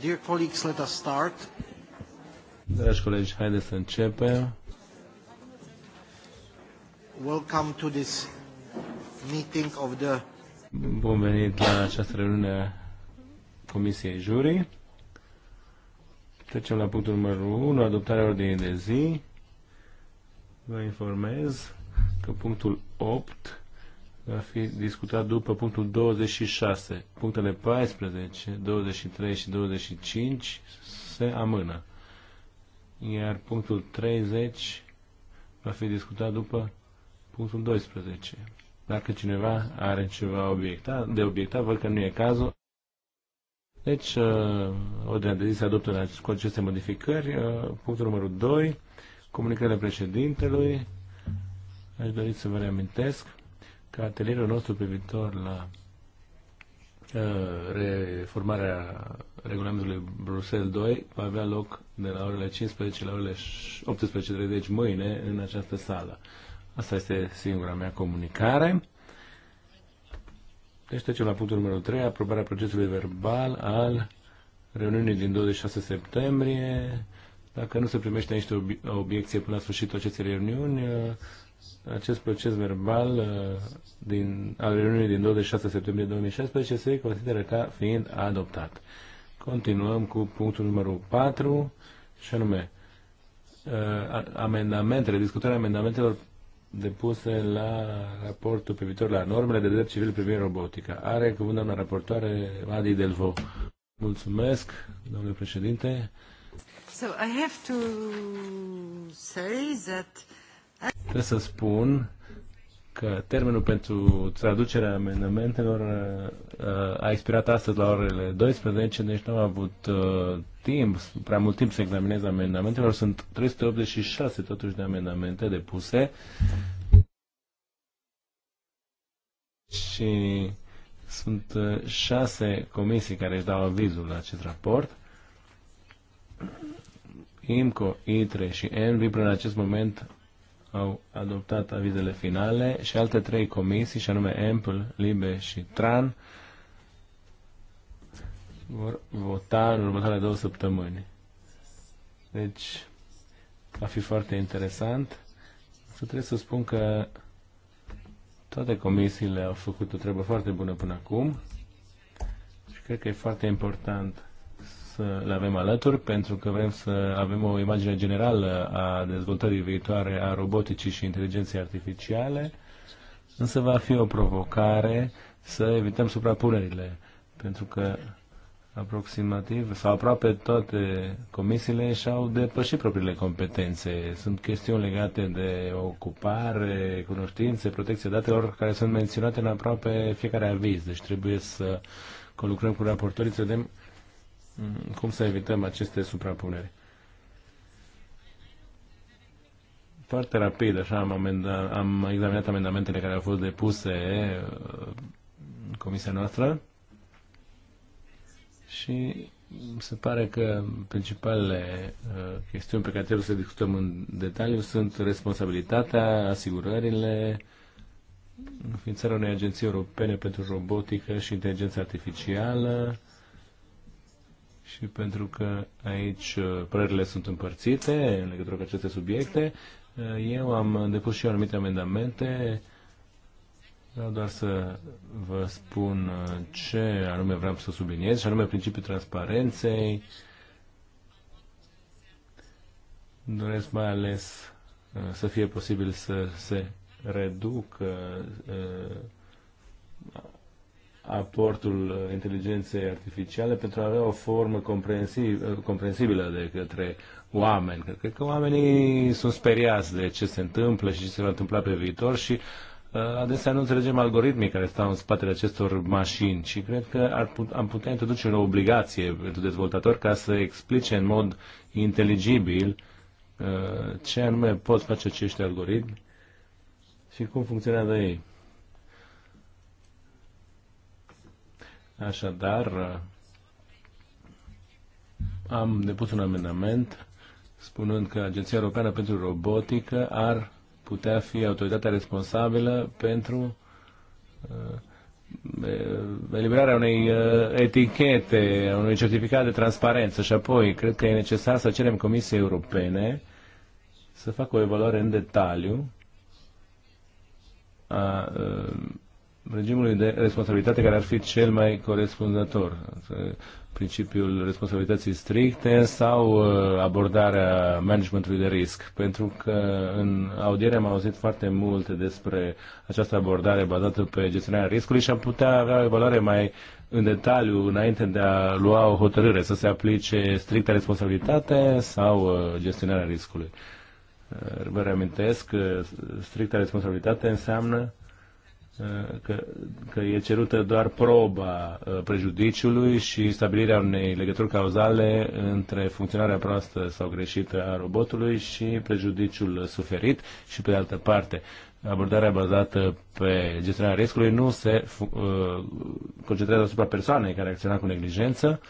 Dear colleagues, let us start. Dragi colegi, haideți să începem. Welcome to this meeting of the Bun venit la această reuniune a Comisiei Jurii. Trecem la punctul numărul 1, adoptarea ordinii de zi. Vă informez că punctul 8 va fi discutat după punctul 26. Punctele 14, 23 și 25 se amână. Iar punctul 30 va fi discutat după punctul 12. Dacă cineva are ceva obiecta, de obiectat, văd că nu e cazul. Deci, uh, ordinea de zi se adoptă cu aceste modificări. Uh, Punctul numărul 2, comunicările președintelui. Aș dori să vă reamintesc ca atelierul nostru privitor la uh, reformarea regulamentului Bruxelles 2 va avea loc de la orele 15 la orele 18.30 deci mâine în această sală. Asta este singura mea comunicare. Deci trecem la punctul numărul 3, aprobarea procesului verbal al reuniunii din 26 septembrie. Dacă nu se primește niște obiecție până la sfârșitul acestei reuniuni, uh, acest proces verbal uh, din, al reuniunii din 26 septembrie 2016 se consideră ca fiind adoptat. Continuăm cu punctul numărul 4, și anume uh, amendamentele, discutarea amendamentelor depuse la raportul privitor la normele de drept civil privind robotica. Are cuvânt doamna raportoare Adi Delvo. Mulțumesc, domnule președinte. So I have to say that Trebuie să spun că termenul pentru traducerea amendamentelor uh, a expirat astăzi la orele 12, deci nu am avut uh, timp, prea mult timp să examinez amendamentelor. Sunt 386 totuși de amendamente depuse și sunt uh, șase comisii care își dau avizul la acest raport. IMCO, ITRE și ENVI până în acest moment au adoptat avizele finale și alte trei comisii, și anume EMPL, LIBE și TRAN, vor vota în următoarele două săptămâni. Deci, va fi foarte interesant. Să trebuie să spun că toate comisiile au făcut o treabă foarte bună până acum și cred că e foarte important să le avem alături pentru că vrem să avem o imagine generală a dezvoltării viitoare a roboticii și inteligenței artificiale, însă va fi o provocare să evităm suprapunerile, pentru că aproximativ sau aproape toate comisiile și-au depășit propriile competențe. Sunt chestiuni legate de ocupare, cunoștințe, protecție datelor care sunt menționate în aproape fiecare aviz. Deci trebuie să colucrăm cu raportorii să vedem Mm, cum să evităm aceste suprapuneri. Foarte rapid, așa, am, amenda, am examinat amendamentele care au fost depuse în uh, comisia noastră și se pare că principalele uh, chestiuni pe care trebuie să discutăm în detaliu sunt responsabilitatea, asigurările, înființarea unei agenții europene pentru robotică și inteligență artificială, și pentru că aici uh, părerile sunt împărțite în legătură cu aceste subiecte, uh, eu am depus și eu anumite amendamente. Vreau doar să vă spun uh, ce anume vreau să subliniez, și anume principiul transparenței. Doresc mai ales să fie posibil să se reducă aportul uh, inteligenței artificiale pentru a avea o formă uh, comprensibilă de către oameni. cred că oamenii sunt speriați de ce se întâmplă și ce se va întâmpla pe viitor și uh, adesea nu înțelegem algoritmii care stau în spatele acestor mașini și cred că ar put, am putea introduce o obligație pentru dezvoltatori ca să explice în mod inteligibil ce anume pot face acești algoritmi și cum funcționează ei. Așadar, am depus un amendament spunând că Agenția Europeană pentru Robotică ar putea fi autoritatea responsabilă pentru uh, eliberarea unei uh, etichete, unui certificat de transparență și apoi cred că e necesar să cerem Comisiei Europene să facă o evaluare în detaliu a uh, regimului de responsabilitate care ar fi cel mai corespunzător. Principiul responsabilității stricte sau uh, abordarea managementului de risc. Pentru că în audiere am auzit foarte multe despre această abordare bazată pe gestionarea riscului și am putea avea o evaluare mai în detaliu înainte de a lua o hotărâre, să se aplice stricta responsabilitate sau uh, gestionarea riscului. Uh, vă reamintesc că stricta responsabilitate înseamnă Uh, că, că e cerută doar proba uh, prejudiciului și stabilirea unei legături cauzale între funcționarea proastă sau greșită a robotului și prejudiciul suferit și pe de altă parte abordarea bazată pe gestionarea riscului nu se uh, concentrează asupra persoanei care acționa cu neglijență,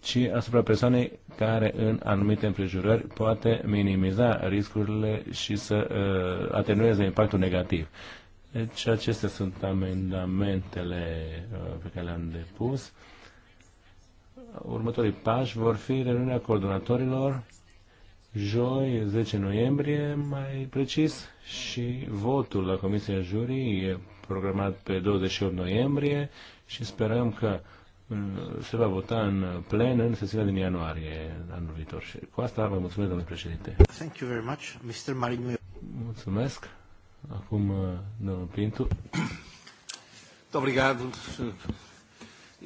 ci asupra persoanei care în anumite împrejurări poate minimiza riscurile și să uh, atenueze impactul negativ. Uh, deci acestea sunt amendamentele uh, pe care le-am depus. Următorii pași vor fi reuniunea coordonatorilor joi, 10 noiembrie, mai precis, și votul la Comisia Jurii e programat pe 28 noiembrie și sperăm că uh, se va vota în plen în sesiunea din ianuarie anul viitor. Și cu asta vă mulțumesc, domnule președinte. Thank you very much, Mr. Mulțumesc. Acum, domnul uh, Pintu. Obrigado.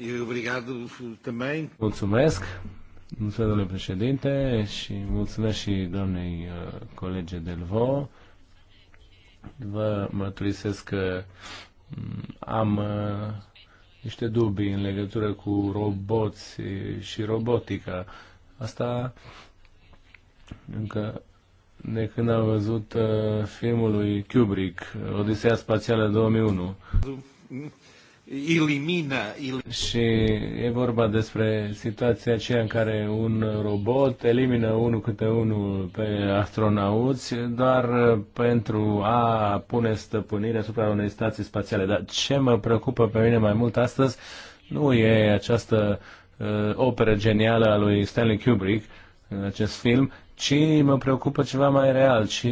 E obrigado também. Mulțumesc. Mulțumesc, domnule președinte, și mulțumesc și doamnei uh, colege Delvo. Vă mărturisesc că mm, am uh, niște dubii în legătură cu roboți și robotica. Asta încă de când am văzut uh, filmul lui Kubrick, Odiseea Spațială 2001. elimină Și e vorba despre situația aceea în care un robot elimină unul câte unul pe astronauți doar uh, pentru a pune stăpânire asupra unei stații spațiale. Dar ce mă preocupă pe mine mai mult astăzi nu e această uh, operă genială a lui Stanley Kubrick, în acest film, ci mă preocupă ceva mai real, ci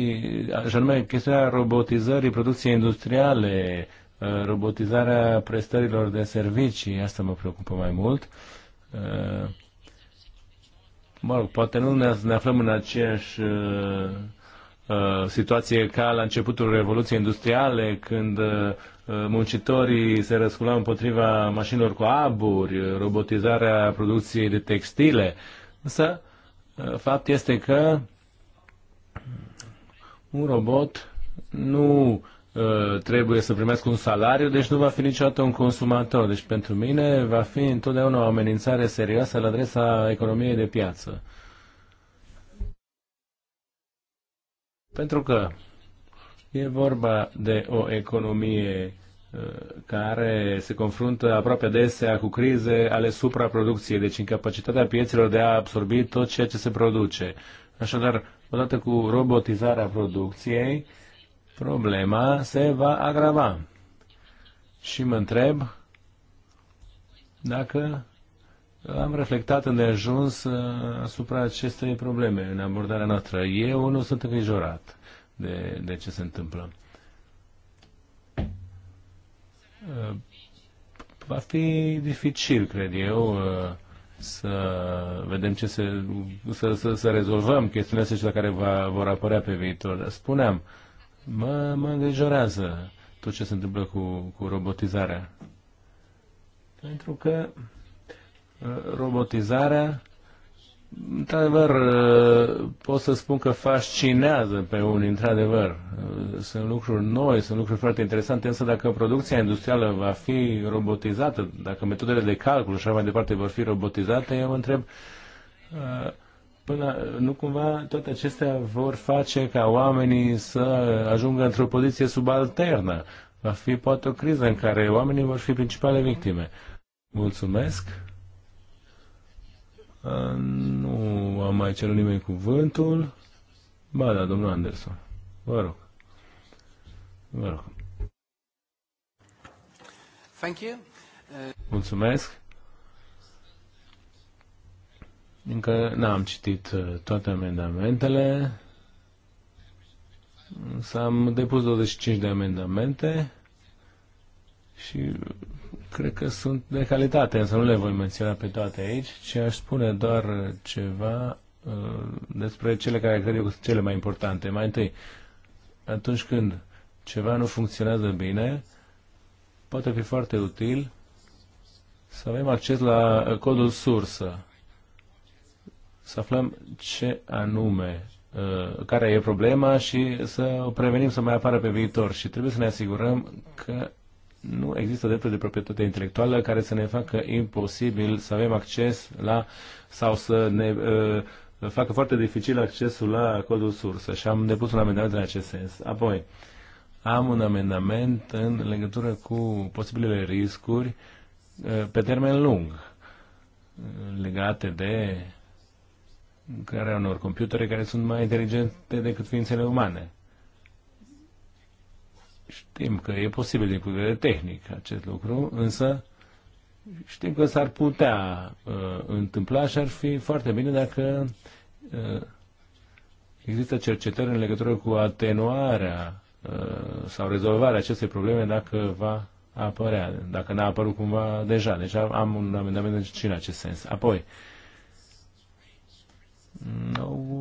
așa numai chestia robotizării producției industriale, uh, robotizarea prestărilor de servicii, asta mă preocupă mai mult. Uh, mă rog, poate nu ne, ne aflăm în aceeași uh, situație ca la începutul Revoluției Industriale, când muncitorii se răsculau împotriva mașinilor cu aburi, robotizarea producției de textile. Însă, fapt este că un robot nu uh, trebuie să primească un salariu, deci nu va fi niciodată un consumator. Deci pentru mine va fi întotdeauna o amenințare serioasă la adresa economiei de piață. Pentru că e vorba de o economie care se confruntă aproape adesea cu crize ale supraproducției, deci incapacitatea piețelor de a absorbi tot ceea ce se produce. Așadar, odată cu robotizarea producției, problema se va agrava. Și mă întreb dacă am reflectat în deajuns uh, asupra acestei probleme în abordarea noastră. Eu nu sunt îngrijorat de, de ce se întâmplă. Uh, va fi dificil, cred eu, uh, să vedem ce se, să, să, să rezolvăm chestiunile astea care va, vor apărea pe viitor. Spuneam, mă, mă îngrijorează tot ce se întâmplă cu, cu robotizarea. Pentru că uh, robotizarea într-adevăr, pot să spun că fascinează pe unii, într-adevăr. Sunt lucruri noi, sunt lucruri foarte interesante, însă dacă producția industrială va fi robotizată, dacă metodele de calcul și așa mai departe vor fi robotizate, eu mă întreb, până nu cumva toate acestea vor face ca oamenii să ajungă într-o poziție subalternă. Va fi poate o criză în care oamenii vor fi principale victime. Mulțumesc! Uh, nu am mai cerut nimeni cuvântul. Ba da, domnul Anderson. Vă rog. Vă rog. Thank you. Uh, Mulțumesc. Încă n-am citit uh, toate amendamentele. S-am depus 25 de amendamente și cred că sunt de calitate, însă nu le voi menționa pe toate aici, ci aș spune doar ceva uh, despre cele care cred eu sunt cele mai importante. Mai întâi, atunci când ceva nu funcționează bine, poate fi foarte util să avem acces la uh, codul sursă, să aflăm ce anume, uh, care e problema și să o prevenim să mai apară pe viitor. Și trebuie să ne asigurăm că nu există drepturi de proprietate intelectuală care să ne facă imposibil să avem acces la sau să ne uh, facă foarte dificil accesul la codul sursă și am depus un amendament în acest sens. Apoi, am un amendament în legătură cu posibilele riscuri uh, pe termen lung uh, legate de crearea unor computere care sunt mai inteligente decât ființele umane. Știm că e posibil din punct de vedere tehnic acest lucru, însă știm că s-ar putea uh, întâmpla și ar fi foarte bine dacă uh, există cercetări în legătură cu atenuarea uh, sau rezolvarea acestei probleme dacă va apărea, dacă n-a apărut cumva deja. Deci am un amendament și în acest sens. Apoi,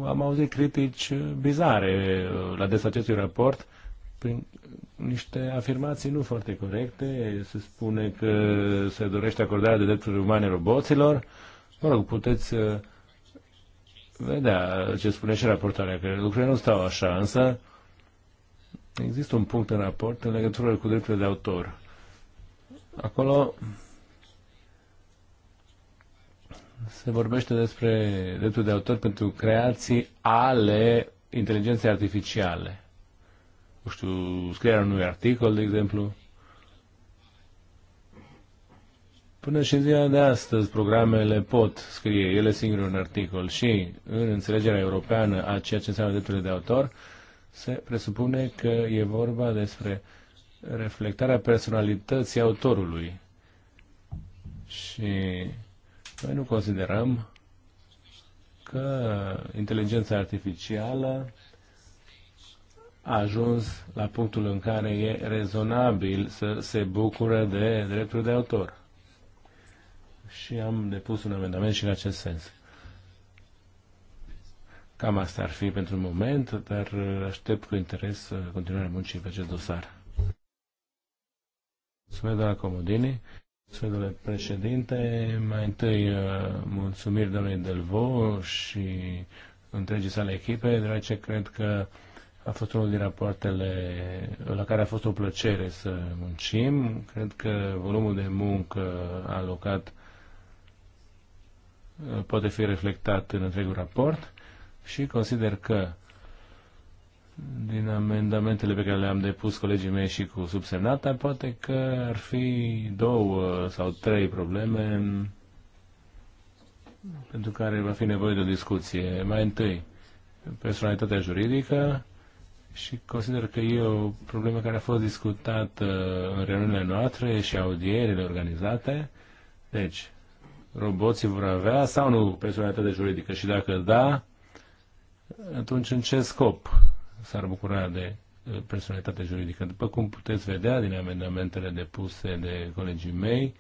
am auzit critici bizare uh, la des acestui raport prin niște afirmații nu foarte corecte. Se spune că se dorește acordarea de drepturi umane roboților. Mă rog, puteți uh, vedea ce spune și raportarea, că lucrurile nu stau așa, însă există un punct în raport în legătură cu drepturile de autor. Acolo se vorbește despre dreptul de autor pentru creații ale inteligenței artificiale nu știu, scrierea unui articol, de exemplu. Până și în ziua de astăzi, programele pot scrie ele singure un articol și în înțelegerea europeană a ceea ce înseamnă drepturile de autor, se presupune că e vorba despre reflectarea personalității autorului. Și noi nu considerăm că inteligența artificială a ajuns la punctul în care e rezonabil să se bucure de dreptul de autor. Și am depus un amendament și în acest sens. Cam asta ar fi pentru moment, dar aștept cu interes continuarea muncii pe acest dosar. Mulțumesc, doamna Comodini. Mulțumesc, domnule președinte. Mai întâi, uh, mulțumiri domnului Delvo și întregii sale echipe, deoarece cred că a fost unul din rapoartele la care a fost o plăcere să muncim. Cred că volumul de muncă alocat uh, poate fi reflectat în întregul raport și consider că din amendamentele pe care le-am depus colegii mei și cu subsemnata, poate că ar fi două sau trei probleme pentru care va fi nevoie de o discuție. Mai întâi, personalitatea juridică, și consider că e o problemă care a fost discutată în reuniunile noastre și audierile organizate. Deci, roboții vor avea sau nu personalitate juridică și dacă da, atunci în ce scop s-ar bucura de uh, personalitate juridică? După cum puteți vedea din amendamentele depuse de colegii mei,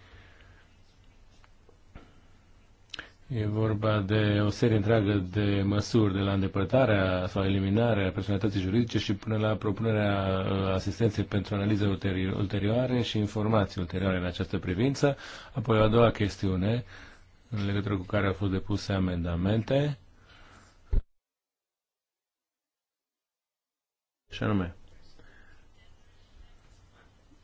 E vorba de o serie întreagă de măsuri, de la îndepărtarea sau eliminarea personalității juridice și până la propunerea uh, asistenței pentru analize ulterioare și informații ulterioare în această privință. Apoi a doua chestiune, în legătură cu care au fost depuse amendamente. Și anume,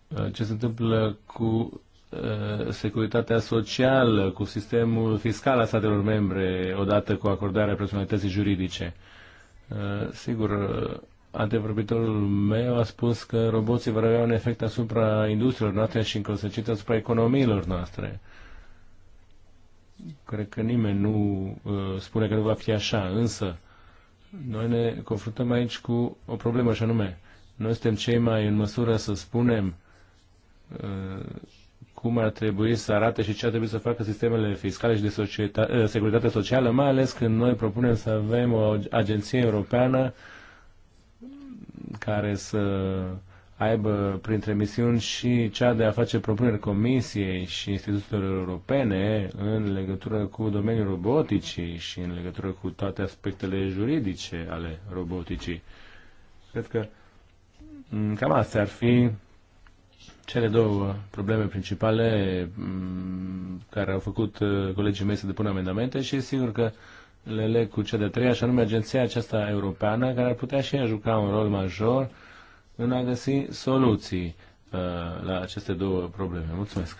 uh, ce se întâmplă cu Uh, securitatea socială, cu sistemul fiscal al statelor membre, odată cu acordarea personalității juridice. Uh, sigur, uh, antevorbitorul meu a spus că roboții vor avea un efect asupra industriilor noastre și în consecință asupra economiilor noastre. Cred că nimeni nu spune că nu va fi așa, însă noi ne confruntăm aici cu o problemă și anume, noi suntem cei mai în măsură să spunem cum ar trebui să arate și ce ar trebui să facă sistemele fiscale și de societate, eh, securitate socială, mai ales când noi propunem să avem o agenție europeană care să aibă printre misiuni și cea de a face propuneri comisiei și instituțiilor europene în legătură cu domeniul roboticii și în legătură cu toate aspectele juridice ale roboticii. Cred că mm, cam astea ar fi cele două probleme principale mm, care au făcut uh, colegii mei să depună amendamente și sigur că le leg cu cea de treia, și anume agenția aceasta europeană, care ar putea și ea juca un rol major în a găsi soluții uh, la aceste două probleme. Mulțumesc!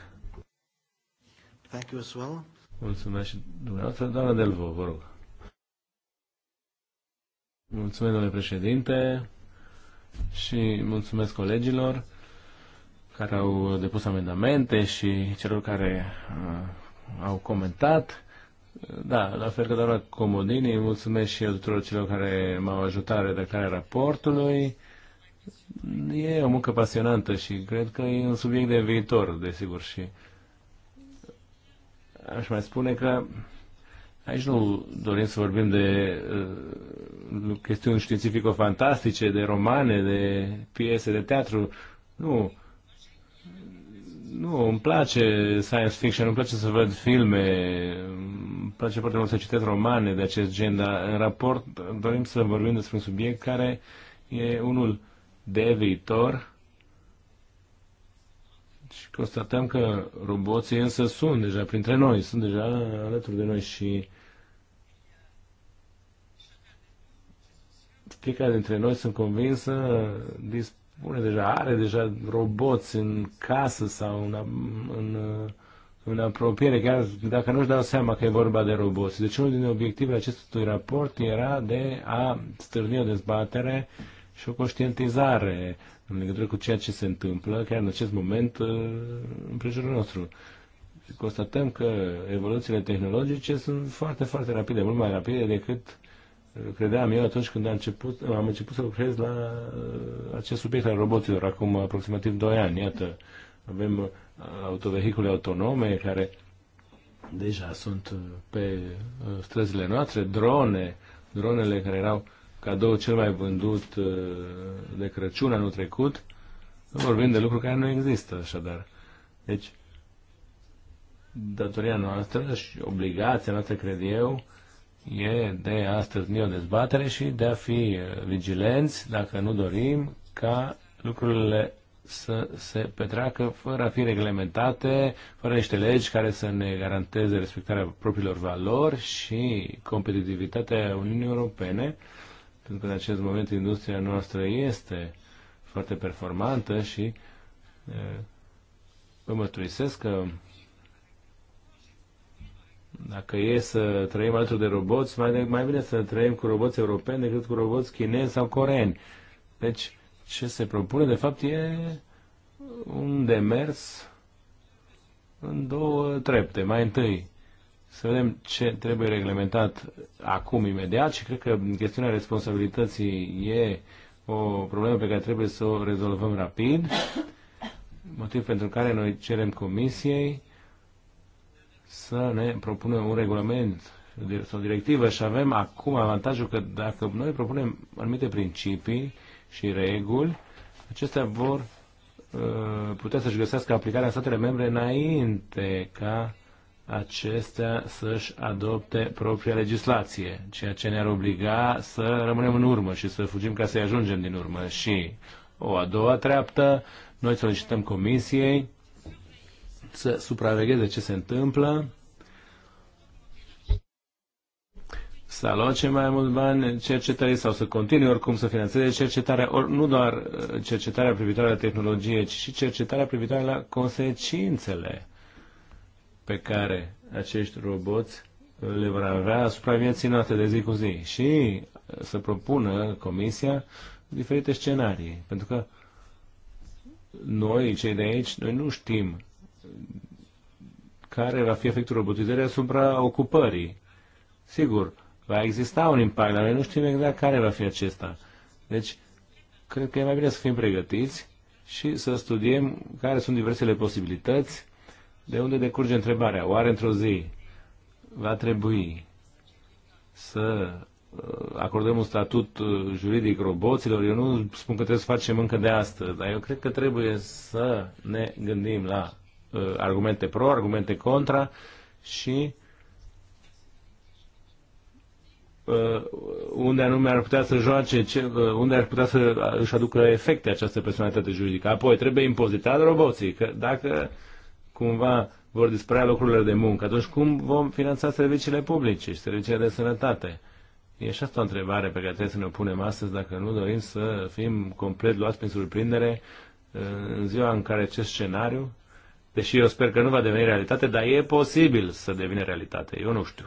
Thank you as well. Mulțumesc și dumneavoastră. Doamna Delvo, vă rog. Mulțumesc, domnule președinte, și mulțumesc colegilor care au depus amendamente și celor care uh, au comentat. Da, la fel ca doamna Comodini, mulțumesc și eu tuturor celor care m-au ajutat redactarea raportului. E o muncă pasionantă și cred că e un subiect de viitor, desigur, și aș mai spune că aici nu dorim să vorbim de uh, chestiuni științifico-fantastice, de romane, de piese de teatru, nu. Nu, îmi place science fiction, îmi place să văd filme, îmi place foarte mult să citesc romane de acest gen, dar în raport dorim să vorbim despre un subiect care e unul de viitor și constatăm că roboții însă sunt deja printre noi, sunt deja alături de noi și fiecare dintre noi, sunt convinsă, disp- spune deja, are deja roboți în casă sau în, în, uh, în apropiere, chiar dacă nu-și dau seama că e vorba de roboți. Deci unul din obiectivele acestui raport era de a stârni o dezbatere și o conștientizare în legătură cu ceea ce se întâmplă chiar în acest moment uh, în prejurul nostru. Constatăm că evoluțiile tehnologice sunt foarte, foarte rapide, mult mai rapide decât credeam eu atunci când am început, am început să lucrez la uh, acest subiect al roboților, acum aproximativ 2 ani. Iată, avem uh, autovehicule autonome care deja sunt uh, pe străzile noastre, drone, dronele care erau cadou cel mai vândut de Crăciun anul trecut, vorbim de lucruri care nu există, așadar. Deci, datoria noastră și obligația noastră, cred eu, e de astăzi e o dezbatere și de a fi uh, vigilenți dacă nu dorim ca lucrurile să se petreacă fără a fi reglementate, fără niște legi care să ne garanteze respectarea propriilor valori și competitivitatea Uniunii Europene, pentru că în acest moment industria noastră este foarte performantă și uh, vă mărturisesc că dacă e să trăim alături de roboți, mai, mai bine să trăim cu roboți europeni decât cu roboți chinezi sau coreeni. Deci, ce se propune, de fapt, e un demers în două trepte. Mai întâi, să vedem ce trebuie reglementat acum, imediat, și cred că chestiunea responsabilității e o problemă pe care trebuie să o rezolvăm rapid, motiv pentru care noi cerem comisiei să ne propunem un regulament sau directivă și avem acum avantajul că dacă noi propunem anumite principii și reguli, acestea vor uh, putea să-și găsească aplicarea în statele membre înainte ca acestea să-și adopte propria legislație, ceea ce ne-ar obliga să rămânem în urmă și să fugim ca să-i ajungem din urmă. Și o a doua treaptă, noi solicităm Comisiei să supravegheze ce se întâmplă, să aloce mai mult bani cercetării sau să continue oricum să finanțeze cercetarea, or, nu doar uh, cercetarea privitoare la tehnologie, ci și cercetarea privitoare la consecințele pe care acești roboți le vor avea asupra vieții noastre de zi cu zi și uh, să propună Comisia diferite scenarii, pentru că noi, cei de aici, noi nu știm care va fi efectul robotizării asupra ocupării. Sigur, va exista un impact, dar noi nu știm exact care va fi acesta. Deci, cred că e mai bine să fim pregătiți și să studiem care sunt diversele posibilități, de unde decurge întrebarea. Oare într-o zi va trebui să uh, acordăm un statut uh, juridic roboților? Eu nu spun că trebuie să facem încă de astăzi, dar eu cred că trebuie să ne gândim la Uh, argumente pro, argumente contra și uh, unde anume ar putea să joace, uh, unde ar putea să își aducă efecte această personalitate juridică. Apoi trebuie impozitat roboții, că dacă cumva vor dispărea locurile de muncă, atunci cum vom finanța serviciile publice și serviciile de sănătate? E și asta o întrebare pe care trebuie să ne o punem astăzi dacă nu dorim să fim complet luați prin surprindere în ziua în care acest scenariu Deși eu sper că nu va deveni realitate, dar e posibil să devină realitate. Eu nu știu.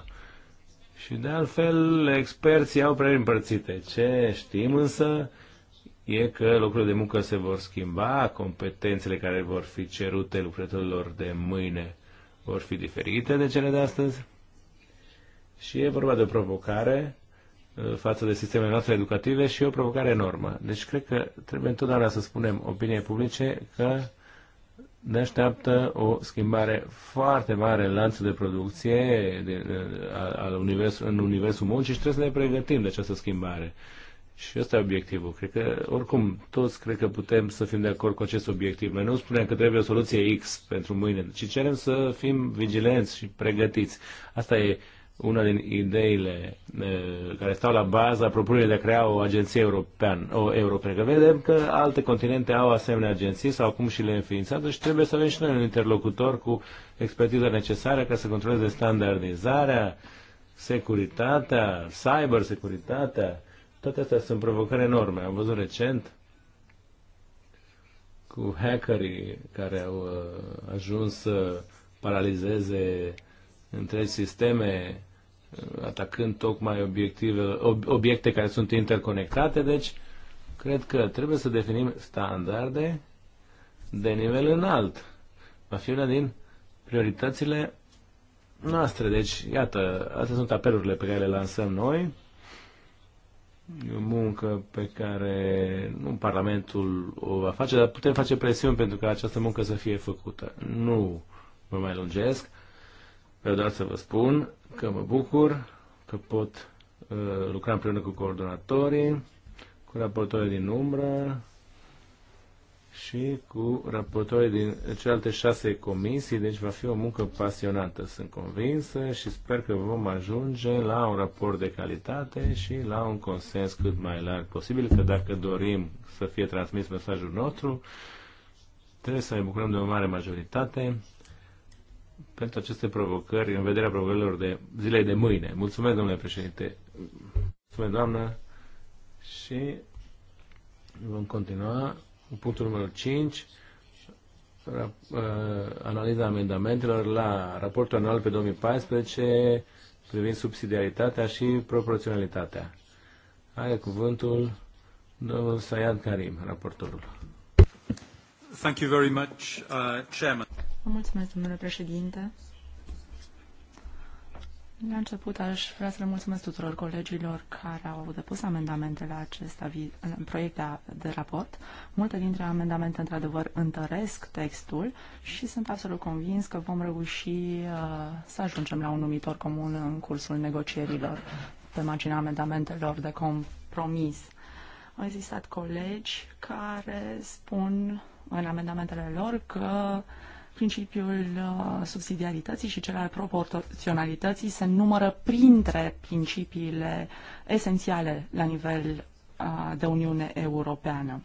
Și de altfel, experții au prea împărțite. Ce știm însă e că lucrurile de muncă se vor schimba, competențele care vor fi cerute lucrătorilor de mâine vor fi diferite de cele de astăzi. Și e vorba de o provocare uh, față de sistemele noastre educative și e o provocare enormă. Deci cred că trebuie întotdeauna să spunem opiniei publice că ne așteaptă o schimbare foarte mare în lanțul de producție de, al univers, în universul muncii și trebuie să ne pregătim de această schimbare. Și ăsta e obiectivul. Cred că, oricum, toți cred că putem să fim de acord cu acest obiectiv. Noi nu spunem că trebuie o soluție X pentru mâine, ci cerem să fim vigilenți și pregătiți. Asta e una din ideile care stau la baza propunerii de a crea o agenție europeană, o europeană. vedem că alte continente au asemenea agenții sau acum și le înființează și trebuie să avem și noi un interlocutor cu expertiza necesară ca să controleze standardizarea, securitatea, cybersecuritatea. Toate astea sunt provocări enorme. Am văzut recent cu hackerii care au uh, ajuns să paralizeze întregi sisteme atacând tocmai obiective, ob, obiecte care sunt interconectate, deci cred că trebuie să definim standarde de nivel înalt. Va fi una din prioritățile noastre. Deci, iată, astea sunt apelurile pe care le lansăm noi. E o muncă pe care nu Parlamentul o va face, dar putem face presiuni pentru ca această muncă să fie făcută. Nu mă mai lungesc. Vreau doar să vă spun că mă bucur că pot uh, lucra împreună cu coordonatorii, cu raportorii din umbră și cu raportorii din celelalte șase comisii, deci va fi o muncă pasionată, sunt convinsă și sper că vom ajunge la un raport de calitate și la un consens cât mai larg posibil, că dacă dorim să fie transmis mesajul nostru, trebuie să ne bucurăm de o mare majoritate pentru aceste provocări, în vederea provocărilor de zilei de mâine. Mulțumesc, domnule președinte. Mulțumesc, doamnă. Și vom continua cu punctul numărul 5, uh, analiza amendamentelor la raportul anual pe 2014 privind subsidiaritatea și proporționalitatea. Are cuvântul domnul Sayad Karim, raportorul. Thank you very much, uh, Chairman. Vă mulțumesc, domnule președinte. La început aș vrea să le mulțumesc tuturor colegilor care au depus amendamente la acest proiect de raport. Multe dintre amendamente, într-adevăr, întăresc textul și sunt absolut convins că vom reuși uh, să ajungem la un numitor comun în cursul negocierilor pe marginea amendamentelor de compromis. Au existat colegi care spun în amendamentele lor că uh, Principiul uh, subsidiarității și cel al proporționalității se numără printre principiile esențiale la nivel uh, de Uniune Europeană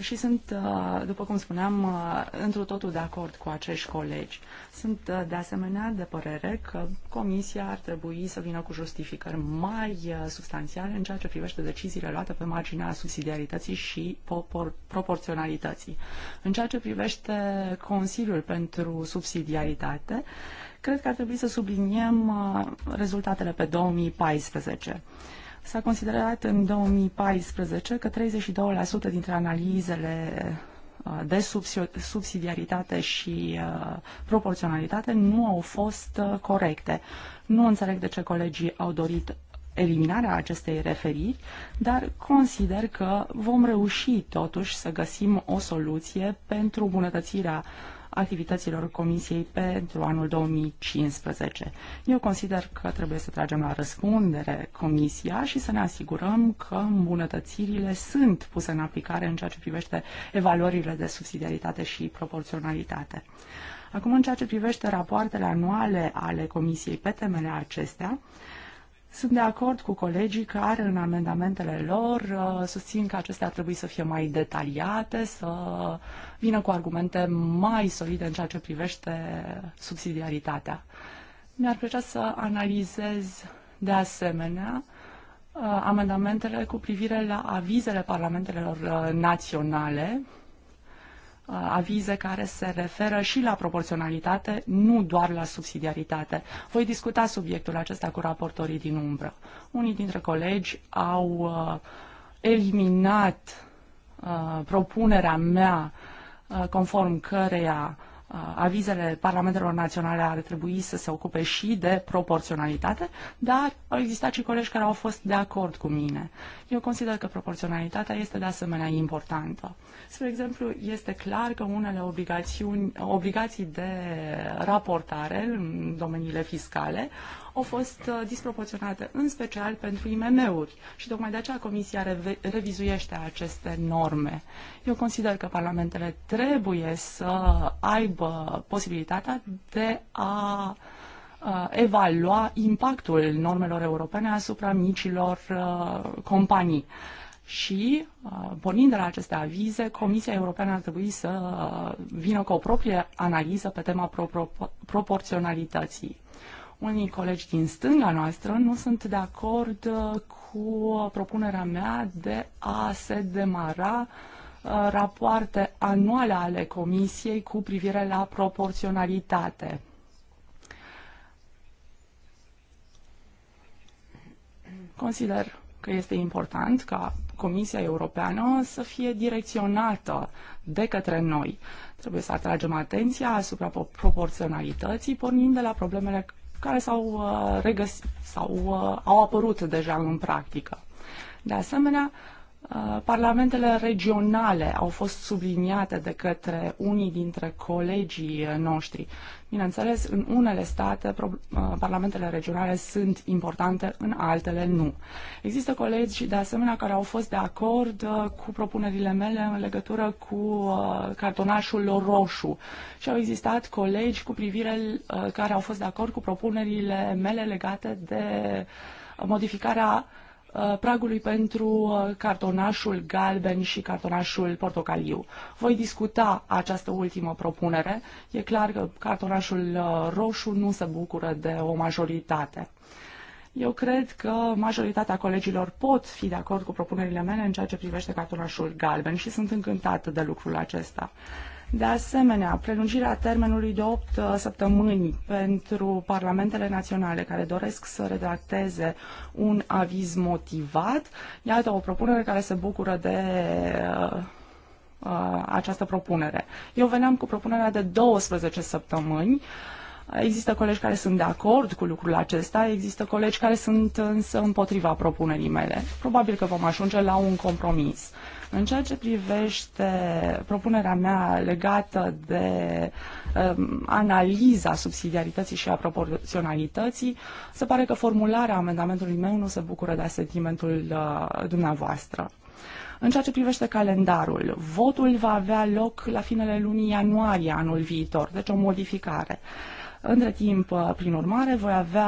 și sunt, uh, după cum spuneam, într- uh, într-o totul de acord cu acești colegi. Sunt uh, de asemenea de părere că Comisia ar trebui să vină cu justificări mai substanțiale în ceea ce privește deciziile luate pe marginea subsidiarității și proporționalității. În ceea ce privește Consiliul pentru subsidiaritate, cred că ar trebui să subliniem rezultatele pe 2014. S-a considerat în 2014 că 32% dintre analizele uh, de subsidiaritate și uh, proporționalitate nu au fost uh, corecte. Nu înțeleg de ce colegii au dorit eliminarea acestei referiri, dar consider că vom reuși totuși să găsim o soluție pentru bunătățirea uh, activităților Comisiei pentru anul 2015. Eu consider că trebuie să tragem la răspundere Comisia și să ne asigurăm că îmbunătățirile sunt puse în aplicare în ceea ce privește evaluările de subsidiaritate și proporționalitate. Acum, în ceea ce privește rapoartele anuale ale Comisiei pe temele acestea, uh, sunt de acord cu colegii care în amendamentele lor uh, susțin că acestea ar trebui să fie mai detaliate, să vină cu argumente mai solide în ceea ce privește subsidiaritatea. Mi-ar plăcea să analizez de asemenea uh, amendamentele cu privire la avizele parlamentelor uh, naționale Uh, avize care se referă și la proporționalitate, nu doar la subsidiaritate. Voi discuta subiectul acesta cu raportorii din umbră. Unii dintre colegi au uh, eliminat uh, propunerea mea conform căreia avizele parlamentelor naționale ar trebui să se ocupe și de proporționalitate, dar au existat și colegi care au fost de acord cu mine. Eu consider că proporționalitatea este de asemenea importantă. Spre exemplu, este clar că unele obligații de raportare în domeniile fiscale au fost uh, disproporționate, în special pentru IMM-uri. Și tocmai de aceea Comisia revizuiește aceste norme. Eu consider că parlamentele trebuie să aibă posibilitatea de a uh, evalua impactul normelor europene asupra micilor uh, companii. Și, pornind de la aceste avize, Comisia Europeană ar trebui să vină cu o proprie analiză pe tema proporționalității. Unii colegi din stânga noastră nu sunt de acord uh, cu propunerea mea de a se demara uh, rapoarte anuale ale Comisiei cu privire la proporționalitate. Consider că este important ca Comisia Europeană să fie direcționată de către noi. Trebuie să atragem atenția asupra proporționalității, pornind de la problemele care s-au uh, regăsit sau uh, au apărut deja în practică. De asemenea, Uh, parlamentele regionale au fost subliniate de către unii dintre colegii uh, noștri. Bineînțeles, în unele state, uh, parlamentele regionale sunt importante, în altele nu. Există colegi, de asemenea, care au fost de acord cu propunerile mele în legătură cu cartonașul roșu și au existat colegi cu privire care au fost de acord cu propunerile mele legate de modificarea Uh, pragului pentru uh, cartonașul galben și cartonașul portocaliu. Voi discuta această ultimă propunere. E clar că cartonașul uh, roșu nu se bucură de o majoritate. Eu cred că majoritatea colegilor pot fi de acord cu propunerile mele în ceea ce privește cartonașul galben și sunt încântată de lucrul acesta. Uh, de asemenea, prelungirea termenului de 8 uh, săptămâni pentru parlamentele naționale care doresc să redacteze un aviz motivat, iată o propunere care se bucură de uh, uh această propunere. Eu veneam cu propunerea de 12 săptămâni. Există colegi care sunt de acord cu lucrul acesta, există colegi care sunt însă împotriva propunerii mele. Probabil că vom ajunge la un compromis. Uh, în ceea ce privește propunerea mea legată de um, analiza subsidiarității și a proporționalității, se pare că formularea amendamentului meu nu se bucură de sentimentul uh, dumneavoastră. În ceea ce privește calendarul, votul va avea loc la finele lunii ianuarie anul viitor, deci o modificare. Între timp, uh, prin urmare, voi avea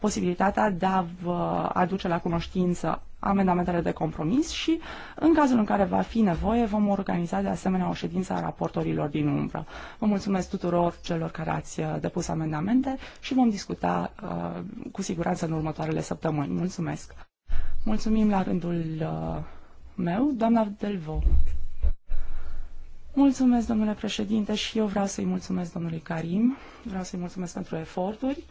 posibilitatea de a vă aduce la cunoștință amendamentele de compromis și, în cazul în care va fi nevoie, vom organiza de asemenea o ședință a raportorilor din umbră. Vă mulțumesc tuturor celor care ați uh, depus amendamente și vom discuta uh, cu siguranță în următoarele săptămâni. Mulțumesc! Mulțumim la rândul uh, meu, doamna Delvo. Mulțumesc, domnule președinte, și eu vreau să-i mulțumesc domnului Karim, vreau să-i mulțumesc pentru eforturi.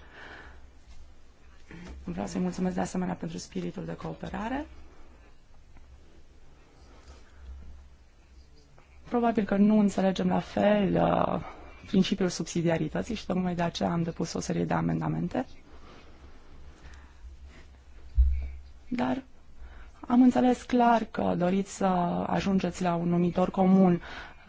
Vreau să-i mulțumesc de asemenea pentru spiritul de cooperare. Probabil că nu înțelegem la fel uh, principiul subsidiarității și tocmai de aceea am depus o serie de amendamente. Dar am înțeles clar că doriți să ajungeți la un numitor comun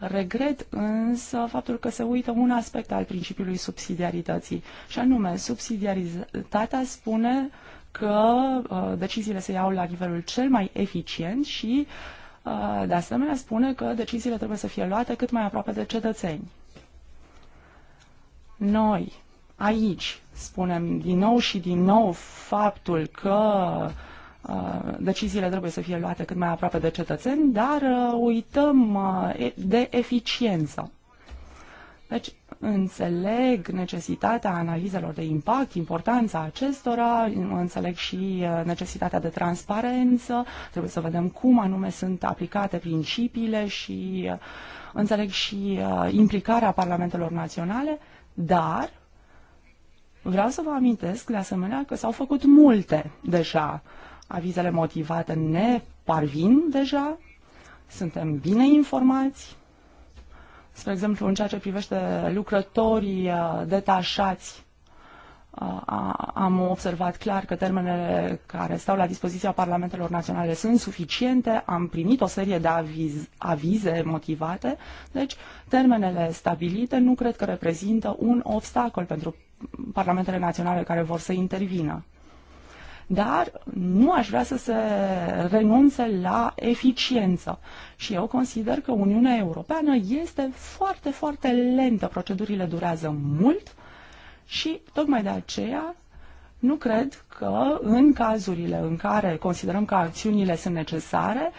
Regret însă faptul că se uită un aspect al principiului subsidiarității, și anume, subsidiaritatea spune că uh, deciziile se iau la nivelul cel mai eficient și, uh, de asemenea, spune că deciziile trebuie să fie luate cât mai aproape de cetățeni. Noi, aici, spunem din nou și din nou faptul că uh, Uh, deciziile trebuie să fie luate cât mai aproape de cetățeni, dar uh, uităm uh, de eficiență. Deci, înțeleg necesitatea analizelor de impact, importanța acestora, înțeleg și necesitatea de transparență, trebuie să vedem cum anume sunt aplicate principiile și înțeleg și implicarea parlamentelor naționale, dar vreau să vă amintesc de asemenea că s-au făcut multe deja avizele motivate ne parvin deja, suntem bine informați. Spre exemplu, în ceea ce privește lucrătorii uh, detașați, uh, am observat clar că termenele care stau la dispoziția parlamentelor naționale sunt suficiente, am primit o serie de aviz, avize motivate, deci termenele stabilite nu cred că reprezintă un obstacol pentru parlamentele naționale care vor să intervină dar nu aș vrea să se renunțe la eficiență. Și eu consider că Uniunea Europeană este foarte, foarte lentă, procedurile durează mult și tocmai de aceea nu cred că în cazurile în care considerăm că acțiunile sunt necesare,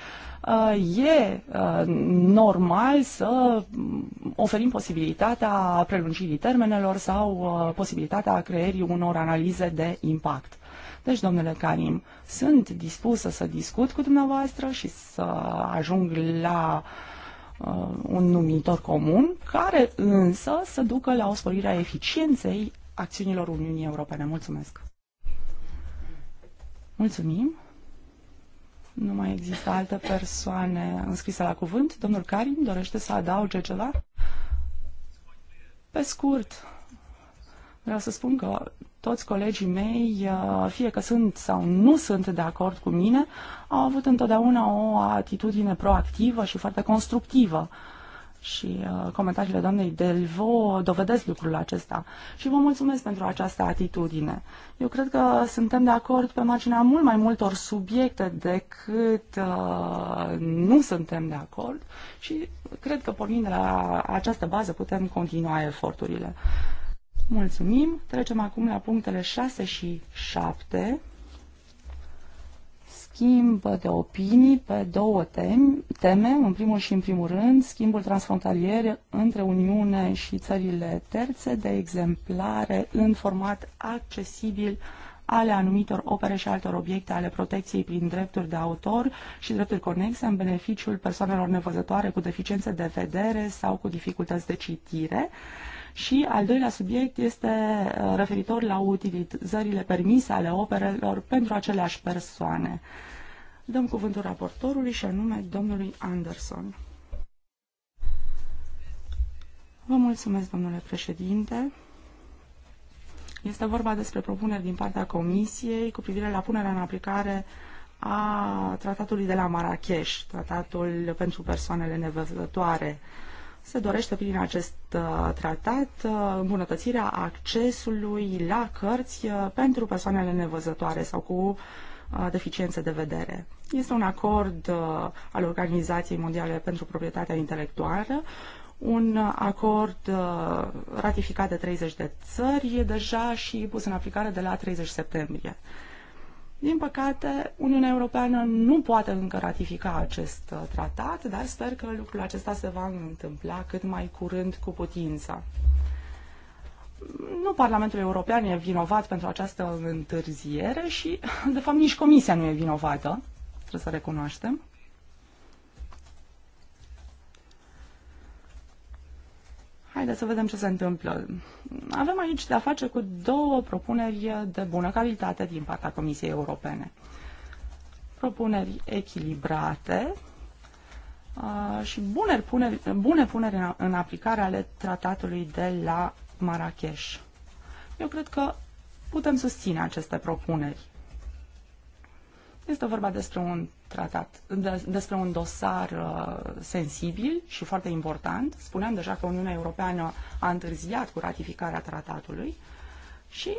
uh, e uh, normal să oferim posibilitatea prelungirii termenelor sau uh, posibilitatea creierii unor analize de impact. Deci, domnule Karim, sunt dispusă să discut cu dumneavoastră și să ajung la uh, un numitor comun, care însă să ducă la o sporire a eficienței acțiunilor Uniunii Europene. Mulțumesc! Mulțumim! Nu mai există alte persoane înscrise la cuvânt. Domnul Karim dorește să adauge ceva? Pe scurt, vreau să spun că toți colegii mei, uh, fie că sunt sau nu sunt de acord cu mine, au avut întotdeauna o atitudine proactivă și foarte constructivă. Și uh, comentariile doamnei Delvo dovedesc lucrul acesta. Și vă mulțumesc pentru această atitudine. Eu cred că suntem de acord pe marginea mult mai multor subiecte decât uh, nu suntem de acord și cred că pornind de la această bază putem continua eforturile. Mulțumim. Trecem acum la punctele 6 și 7. Schimb de opinii pe două teme. În primul și în primul rând, schimbul transfrontalier între Uniune și țările terțe de exemplare în format accesibil ale anumitor opere și altor obiecte ale protecției prin drepturi de autor și drepturi conexe în beneficiul persoanelor nevăzătoare cu deficiențe de vedere sau cu dificultăți de citire și al doilea subiect este uh, referitor la utilizările permise ale operelor pentru aceleași persoane. Dăm cuvântul raportorului și anume domnului Anderson. Vă mulțumesc, domnule președinte. Este vorba despre propuneri din partea Comisiei cu privire la punerea în aplicare a tratatului de la Marrakesh, tratatul pentru persoanele nevăzătoare. Uh, se dorește prin acest uh, tratat uh, îmbunătățirea accesului la cărți uh, pentru persoanele nevăzătoare sau cu deficiențe de vedere. Este un acord al Organizației Mondiale pentru Proprietatea Intelectuală, un acord ratificat de 30 de țări deja și pus în aplicare de la 30 septembrie. Din păcate, Uniunea Europeană nu poate încă ratifica acest uh, tratat, dar sper că lucrul acesta se va întâmpla cât mai curând cu putință. Nu Parlamentul European e vinovat pentru această întârziere și, de fapt, nici Comisia nu e vinovată, trebuie să recunoaștem. Haideți să vedem ce se întâmplă. Avem aici de-a face cu două propuneri de bună calitate din partea Comisiei Europene. Propuneri echilibrate uh, și bune puneri, bune puneri în, în aplicare ale tratatului de la Marrakesh. Eu cred că putem susține aceste propuneri. Este vorba despre un tratat, despre un dosar uh, sensibil și foarte important. Spuneam deja că Uniunea Europeană a întârziat cu ratificarea tratatului și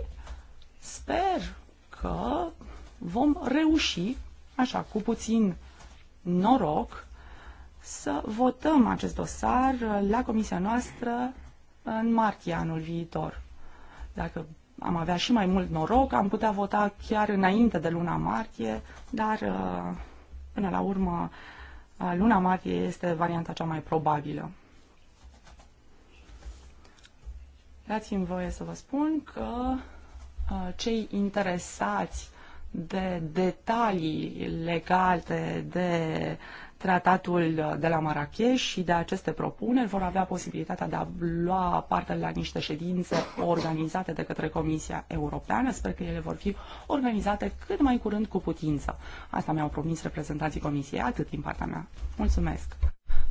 sper că vom reuși, așa, cu puțin noroc, să votăm acest dosar la comisia noastră în martie anul viitor. Dacă am avea și mai mult noroc, am putea vota chiar înainte de luna martie, dar uh, până la urmă uh, luna martie este varianta cea mai probabilă. Dați-mi voie să vă spun că uh, cei interesați de detalii legate de uh, tratatul de la Marrakech și de aceste propuneri vor avea posibilitatea de a lua parte la niște ședințe organizate de către Comisia Europeană. Sper că ele vor fi organizate cât mai curând cu putință. Asta mi-au promis reprezentanții Comisiei. Atât din partea mea. Mulțumesc!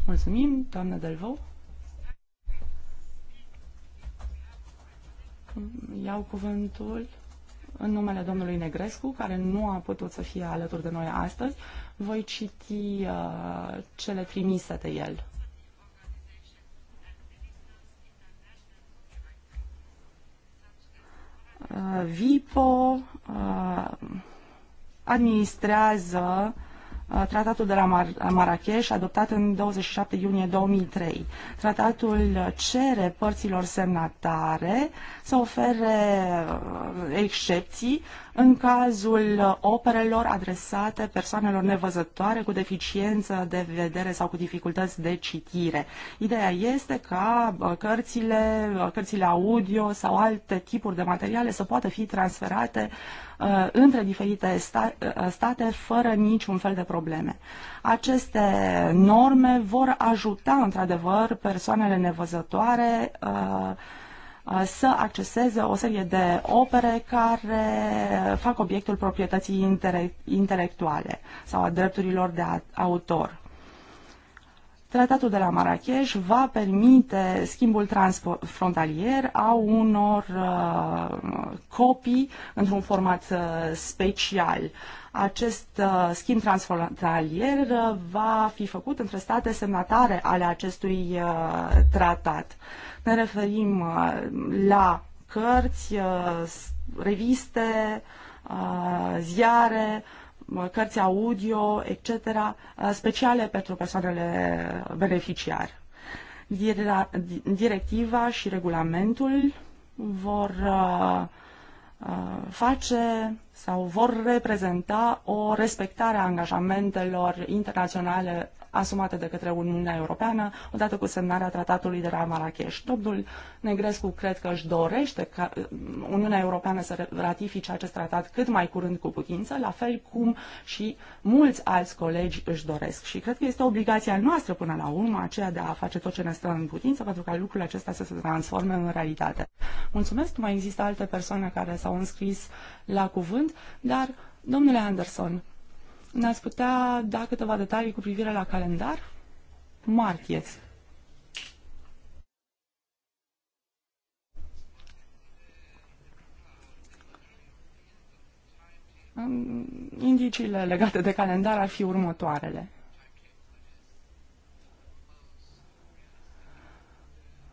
Mulțumim, doamnă Delvaux! Iau cuvântul în numele domnului Negrescu, care nu a putut să fie alături de noi astăzi. Voi citi uh, cele trimise de el. Uh, VIPO uh, administrează uh, Uh, tratatul de la Mar- Marrakesh, adoptat în 27 iunie 2003. Tratatul uh, cere părților semnatare să ofere uh, excepții în cazul operelor adresate persoanelor nevăzătoare cu deficiență de vedere sau cu dificultăți de citire. Ideea este ca cărțile, cărțile audio sau alte tipuri de materiale să poată fi transferate uh, Uh, între diferite uh, state fără niciun fel de probleme. Aceste norme vor ajuta, într-adevăr, persoanele nevăzătoare uh, să acceseze o serie de opere care fac obiectul proprietății intelectuale sau a drepturilor de autor. Tratatul de la Marrakech va permite schimbul transfrontalier a unor uh, copii într-un format uh, special. Acest uh, schimb transfrontalier uh, va fi făcut între state semnatare ale acestui uh, tratat. Ne referim uh, la cărți, uh, reviste, uh, ziare, uh, cărți audio, etc., uh, speciale pentru persoanele beneficiare. Directiva și regulamentul vor uh, uh, face sau vor reprezenta o respectare a angajamentelor internaționale asumate de către Uniunea Europeană odată cu semnarea tratatului de la Marrakesh. Domnul Negrescu cred că își dorește ca uh, Uniunea Europeană să ratifice acest tratat cât mai curând cu putință, la fel cum și mulți alți colegi își doresc. Și cred că este obligația noastră până la urmă aceea de a face tot ce ne stă în putință pentru ca lucrul acesta să se transforme în realitate. Mulțumesc, mai există alte persoane care s-au înscris la cuvânt curând, dar, domnule Anderson, ne-ați putea da câteva detalii cu privire la calendar? Martie. Indiciile legate de calendar ar fi următoarele.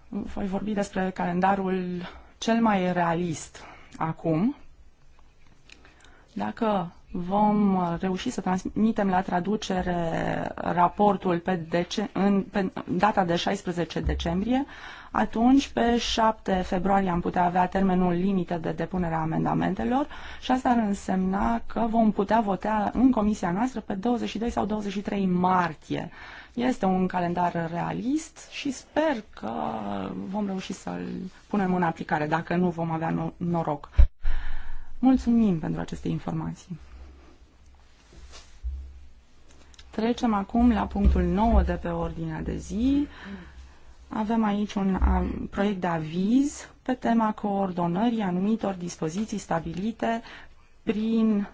Voi vorbi despre calendarul cel mai realist acum, dacă vom uh, reuși să transmitem la traducere raportul pe, dece- în, pe data de 16 decembrie, atunci pe 7 februarie am putea avea termenul limită de depunere a amendamentelor și asta ar însemna că vom putea vota în comisia noastră pe 22 sau 23 martie. Este un calendar realist și sper că vom reuși să-l punem în aplicare, dacă nu vom avea noroc. Mulțumim pentru aceste informații. Trecem acum la punctul 9 de pe ordinea de zi. Avem aici un proiect de aviz pe tema coordonării anumitor dispoziții stabilite prin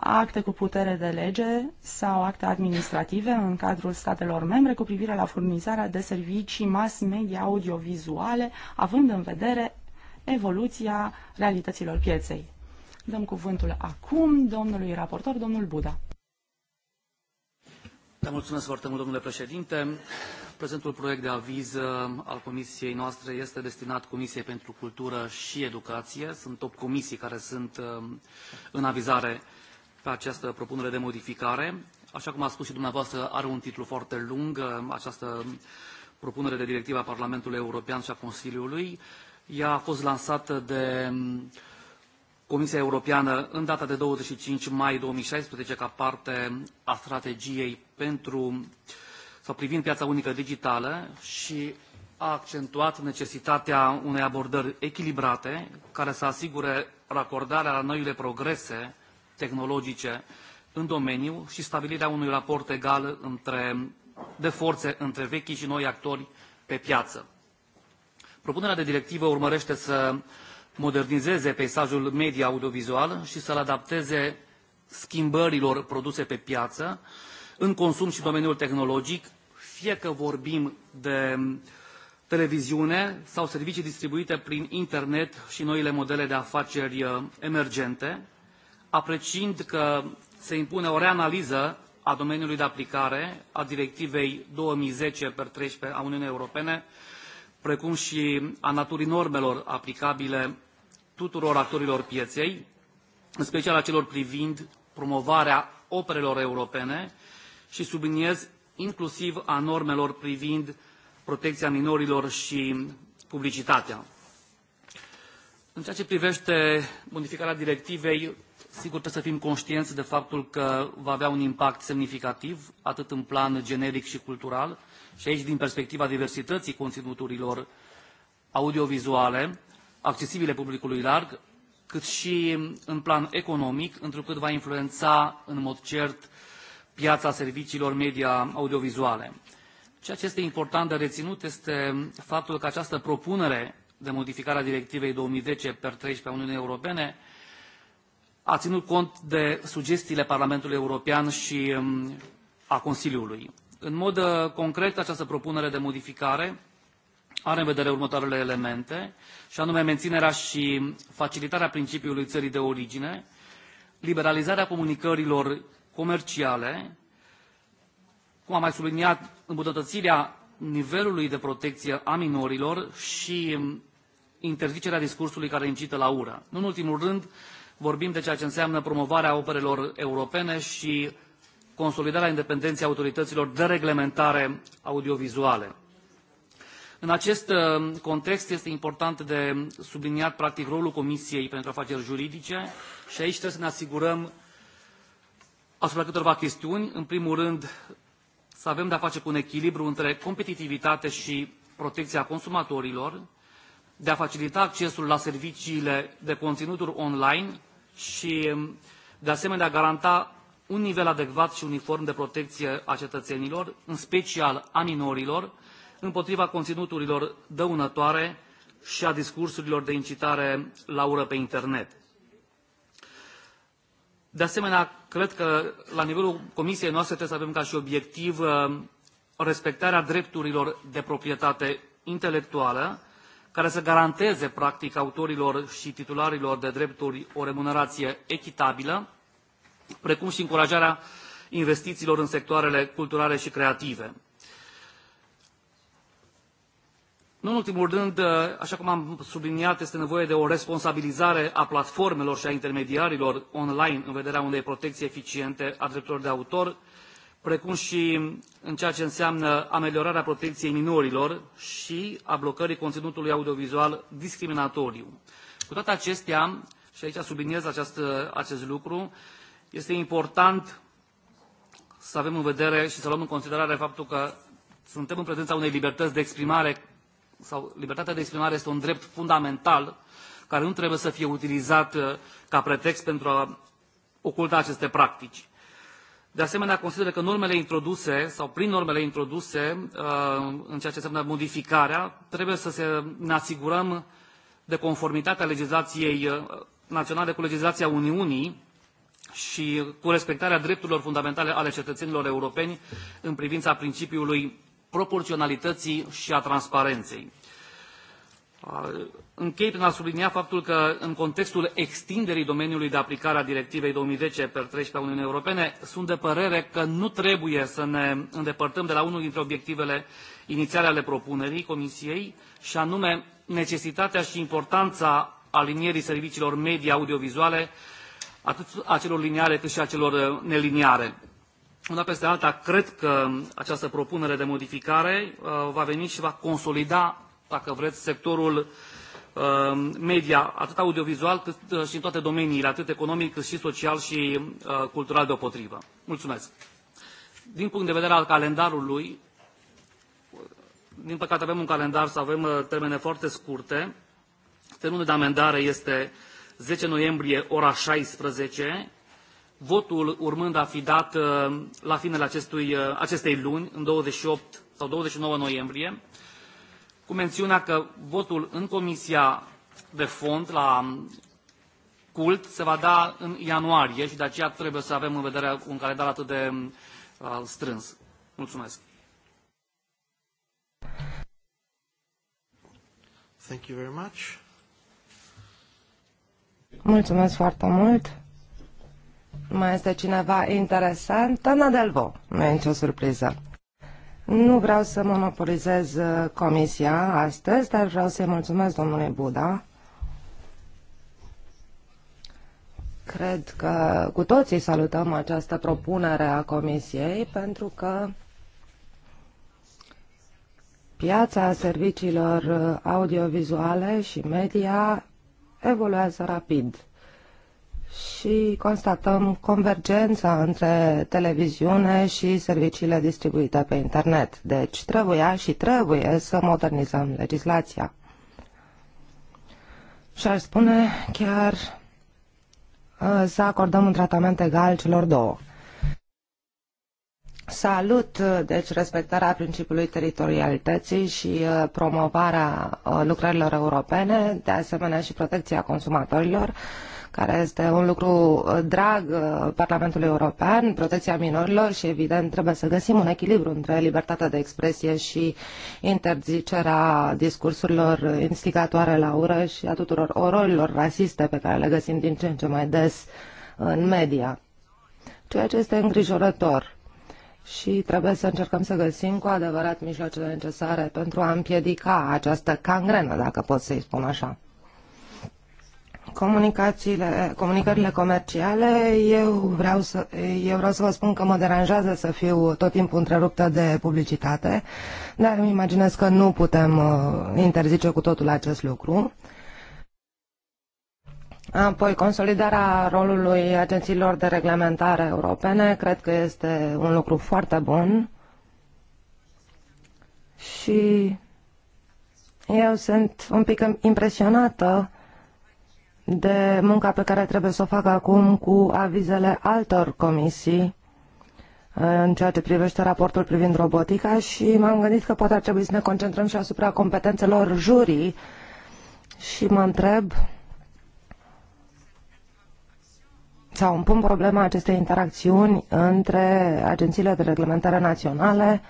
acte cu putere de lege sau acte administrative în cadrul statelor membre cu privire la furnizarea de servicii mass media audiovizuale, având în vedere evoluția realităților pieței. Dăm cuvântul acum domnului raportor, domnul Buda. Da, mulțumesc foarte mult, domnule președinte. Prezentul proiect de aviz uh, al comisiei noastre este destinat Comisiei pentru Cultură și Educație. Sunt 8 comisii care sunt uh, în avizare pe această propunere de modificare. Așa cum a spus și dumneavoastră, are un titlu foarte lung uh, această propunere de directivă a Parlamentului European și a Consiliului. Ea a fost lansată de mm, Comisia Europeană în data de 25 mai 2016 ca parte a strategiei pentru sau privind piața unică digitală și a accentuat necesitatea unei abordări echilibrate care să asigure racordarea la noile progrese tehnologice în domeniu și stabilirea unui raport egal între, de forțe între vechii și noi actori pe piață. Propunerea de directivă urmărește să modernizeze peisajul media audiovizual și să-l adapteze schimbărilor produse pe piață, în consum și domeniul tehnologic, fie că vorbim de televiziune sau servicii distribuite prin internet și noile modele de afaceri uh, emergente, apreciind că se impune o reanaliză a domeniului de aplicare a directivei 2010 per 13 a Uniunii Europene precum și a naturii normelor aplicabile tuturor actorilor pieței, în special a celor privind promovarea operelor europene și subliniez inclusiv a normelor privind protecția minorilor și publicitatea. În ceea ce privește modificarea directivei, sigur trebuie să fim conștienți de faptul că va avea un impact semnificativ, atât în plan generic și cultural, și aici, din perspectiva diversității conținuturilor audiovizuale, accesibile publicului larg, cât și în plan economic, întrucât va influența în mod cert piața serviciilor media audiovizuale. Ceea ce este important de reținut este faptul că această propunere de modificare a directivei 2010 per 13 a Uniunii Europene a ținut cont de sugestiile Parlamentului European și um, a Consiliului. În mod uh, concret, această propunere de modificare are în vedere următoarele elemente, și anume menținerea și facilitarea principiului țării de origine, liberalizarea comunicărilor comerciale, cum am mai subliniat, îmbunătățirea nivelului de protecție a minorilor și um, interzicerea discursului care incită la ură. Nu în ultimul rând, vorbim de ceea ce înseamnă promovarea operelor europene și consolidarea independenței autorităților de reglementare audiovizuale. În acest uh, context este important de subliniat practic rolul Comisiei pentru Afaceri Juridice și aici trebuie să ne asigurăm asupra câteva chestiuni. În primul rând, să avem de-a face cu un echilibru între competitivitate și protecția consumatorilor, de a facilita accesul la serviciile de conținuturi online și, de asemenea, garanta un nivel adecvat și uniform de protecție a cetățenilor, în special a minorilor, împotriva conținuturilor dăunătoare și a discursurilor de incitare la ură pe internet. De asemenea, cred că la nivelul comisiei noastre trebuie să avem ca și obiectiv uh, respectarea drepturilor de proprietate intelectuală, care să garanteze practic autorilor și titularilor de drepturi o remunerație echitabilă, precum și încurajarea investițiilor în sectoarele culturale și creative. Nu în ultimul rând, așa cum am subliniat, este nevoie de o responsabilizare a platformelor și a intermediarilor online în vederea unei protecții eficiente a drepturilor de autor, precum și în ceea ce înseamnă ameliorarea protecției minorilor și a blocării conținutului audiovizual discriminatoriu. Cu toate acestea, și aici subliniez acest, acest lucru, este important să avem în vedere și să luăm în considerare faptul că suntem în prezența unei libertăți de exprimare sau libertatea de exprimare este un drept fundamental care nu trebuie să fie utilizat uh, ca pretext pentru a oculta aceste practici. De asemenea, consider că normele introduse sau prin normele introduse uh, în ceea ce înseamnă modificarea, trebuie să se, ne asigurăm de conformitatea legislației uh, naționale cu legislația Uniunii, și cu respectarea drepturilor fundamentale ale cetățenilor europeni în privința principiului proporționalității și a transparenței. Uh, închei prin a sublinia faptul că în contextul extinderii domeniului de aplicare a directivei 2010 per 13 a Uniunii Europene, sunt de părere că nu trebuie să ne îndepărtăm de la unul dintre obiectivele inițiale ale propunerii Comisiei, și anume necesitatea și importanța alinierii serviciilor media audiovizuale atât a celor liniare cât și a celor uh, neliniare. Una peste alta, cred că um, această propunere de modificare uh, va veni și va consolida, dacă vreți, sectorul um, media, atât audiovizual cât uh, și în toate domeniile, atât economic cât și social și cultural deopotrivă. Mulțumesc! Din punct de vedere al calendarului, din păcate avem un calendar să avem termene foarte scurte. Termenul de amendare este 10 noiembrie, ora 16, votul urmând a fi dat uh, la finele acestui, uh, acestei luni, în 28 sau 29 noiembrie, cu mențiunea că votul în Comisia de Fond la cult se va da în ianuarie și de aceea trebuie să avem în vedere un calendar atât de uh, strâns. Mulțumesc. Thank you very much. Mulțumesc foarte mult. Mai este cineva interesant? Ana Delvo, nu e nicio surpriză. Nu vreau să monopolizez uh, comisia astăzi, dar vreau să-i mulțumesc domnului Buda. Cred că cu toții salutăm această propunere a comisiei pentru că piața serviciilor uh, audiovizuale și media evoluează rapid și constatăm convergența între televiziune și serviciile distribuite pe internet. Deci trebuia și trebuie să modernizăm legislația. Și aș spune chiar uh, să acordăm un tratament egal celor două. Salut, uh, deci, respectarea principiului teritorialității și uh, promovarea uh, lucrărilor europene, de asemenea și protecția consumatorilor, care este un lucru drag Parlamentului European, protecția minorilor și, evident, trebuie să găsim un echilibru între libertatea de expresie și interzicerea discursurilor instigatoare la ură și a tuturor ororilor rasiste pe care le găsim din ce în ce mai des în media, ceea ce este îngrijorător și trebuie să încercăm să găsim cu adevărat mijloacele necesare pentru a împiedica această cangrenă, dacă pot să-i spun așa. Comunicațiile, comunicările comerciale, eu vreau, să, eu vreau să vă spun că mă deranjează să fiu tot timpul întreruptă de publicitate, dar îmi imaginez că nu putem uh, interzice cu totul acest lucru. Apoi, consolidarea rolului agențiilor de reglementare europene, cred că este un lucru foarte bun. Și eu sunt un pic impresionată de munca pe care trebuie să o fac acum cu avizele altor comisii în ceea ce privește raportul privind robotica și m-am gândit că poate ar trebui să ne concentrăm și asupra competențelor jurii și mă întreb sau îmi pun problema acestei interacțiuni între agențiile de reglementare naționale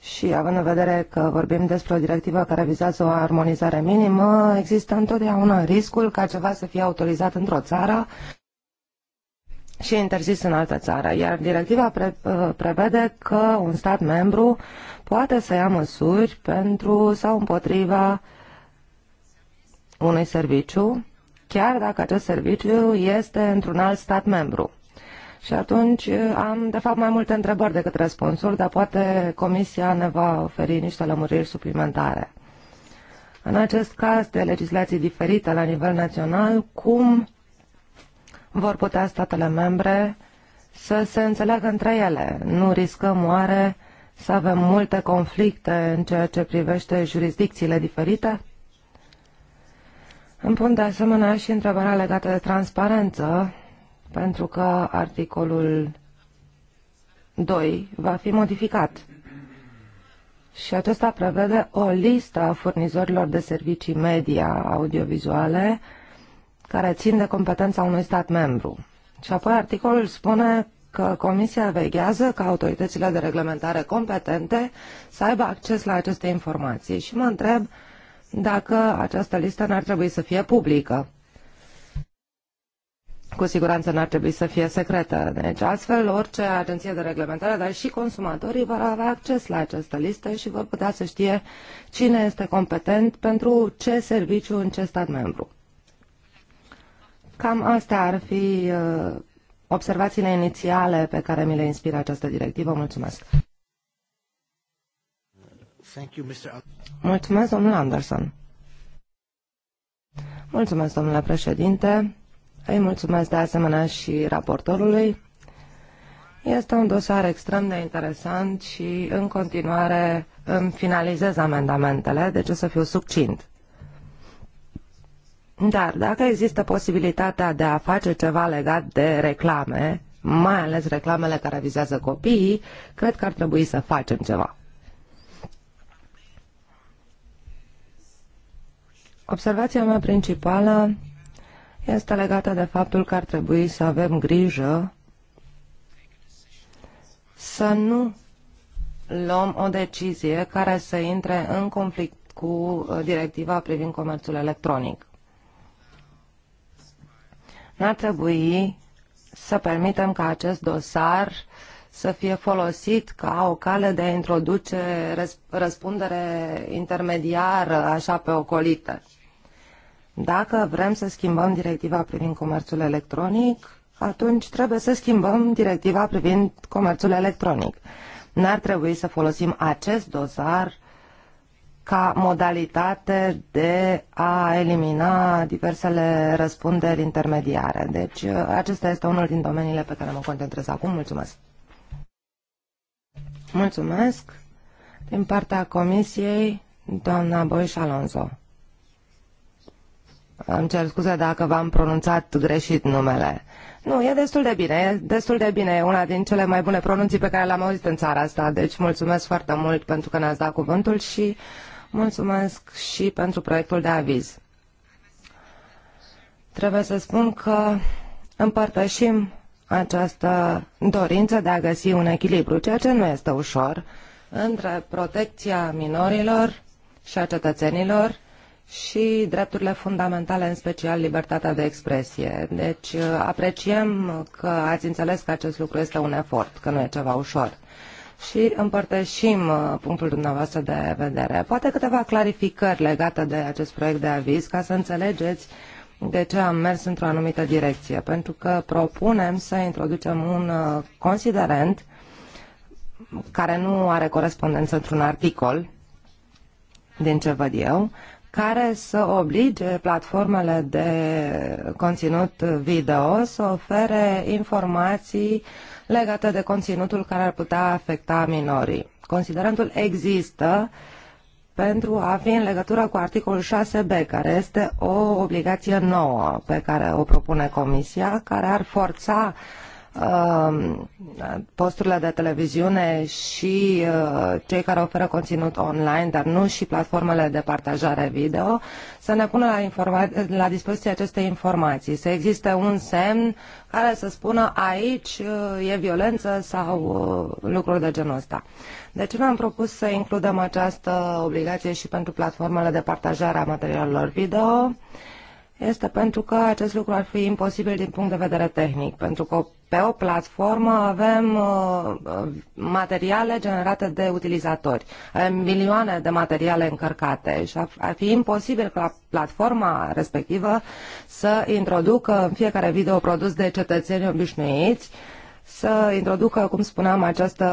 și având în vedere că vorbim despre o directivă care vizează o armonizare minimă, există întotdeauna riscul ca ceva să fie autorizat într-o țară și interzis în altă țară, iar directiva pre, uh, prevede că un stat membru poate să ia măsuri pentru sau împotriva unui serviciu chiar dacă acest serviciu este într-un alt stat membru. Și atunci uh, am, de fapt, mai multe întrebări decât răspunsuri, dar poate Comisia ne va oferi niște lămuriri suplimentare. În acest caz de legislații diferite la nivel național, cum vor putea statele membre să se înțeleagă între ele? Nu riscăm oare să avem multe conflicte în ceea ce privește jurisdicțiile diferite? Îmi pun de asemenea și întrebarea legată de transparență, pentru că articolul 2 va fi modificat. Și acesta prevede o listă a furnizorilor de servicii media audiovizuale care țin de competența unui stat membru. Și apoi articolul spune că Comisia veghează ca autoritățile de reglementare competente să aibă acces la aceste informații. Și mă întreb dacă această listă n-ar trebui să fie publică. Cu siguranță n-ar trebui să fie secretă. Deci, astfel, orice agenție de reglementare, dar și consumatorii vor avea acces la această listă și vor putea să știe cine este competent pentru ce serviciu în ce stat membru. Cam astea ar fi uh, observațiile inițiale pe care mi le inspiră această directivă. Mulțumesc! Mulțumesc, domnule Anderson. Mulțumesc, domnule președinte. Îi mulțumesc de asemenea și raportorului. Este un dosar extrem de interesant și în continuare îmi finalizez amendamentele, deci o să fiu succint. Dar dacă există posibilitatea de a face ceva legat de reclame, mai ales reclamele care vizează copiii, cred că ar trebui să facem ceva. Observația mea principală este legată de faptul că ar trebui să avem grijă să nu luăm o decizie care să intre în conflict cu uh, directiva privind comerțul electronic. N-ar trebui să permitem ca acest dosar să fie folosit ca o cale de a introduce răspundere intermediară, așa pe ocolită. Dacă vrem să schimbăm directiva privind comerțul electronic, atunci trebuie să schimbăm directiva privind comerțul electronic. N-ar trebui să folosim acest dosar ca modalitate de a elimina diversele răspunderi intermediare. Deci acesta este unul din domeniile pe care mă concentrez acum. Mulțumesc! Mulțumesc! Din partea Comisiei, doamna Boiș Alonso. Îmi cer scuze dacă v-am pronunțat greșit numele. Nu, e destul de bine, e destul de bine. E una din cele mai bune pronunții pe care le-am auzit în țara asta. Deci mulțumesc foarte mult pentru că ne-ați dat cuvântul și mulțumesc și pentru proiectul de aviz. Trebuie să spun că împărtășim această dorință de a găsi un echilibru, ceea ce nu este ușor, între protecția minorilor și a cetățenilor și drepturile fundamentale, în special libertatea de expresie. Deci uh, apreciem că ați înțeles că acest lucru este un efort, că nu e ceva ușor. Și împărtășim uh, punctul dumneavoastră de vedere. Poate câteva clarificări legate de acest proiect de aviz, ca să înțelegeți de ce am mers într-o anumită direcție. Pentru că propunem să introducem un uh, considerent care nu are corespondență într-un articol, din ce văd eu, care să oblige platformele de conținut video să ofere informații legate de conținutul care ar putea afecta minorii. Considerentul există pentru a fi în legătură cu articolul 6b, care este o obligație nouă pe care o propune Comisia, care ar forța uh, Um, posturile de televiziune și uh, cei care oferă conținut online, dar nu și platformele de partajare video, să ne pună la, la dispoziție aceste informații, să existe un semn care să spună aici uh, e violență sau uh, lucruri de genul ăsta. ce deci noi am propus să includem această obligație și pentru platformele de partajare a materialelor video, uh, este pentru că acest lucru ar fi imposibil din punct de vedere tehnic, pentru că pe o platformă avem uh, uh materiale generate de utilizatori, avem milioane de materiale încărcate și ar fi imposibil ca platforma respectivă să introducă în fiecare video produs de cetățeni obișnuiți să introducă, cum spuneam, această,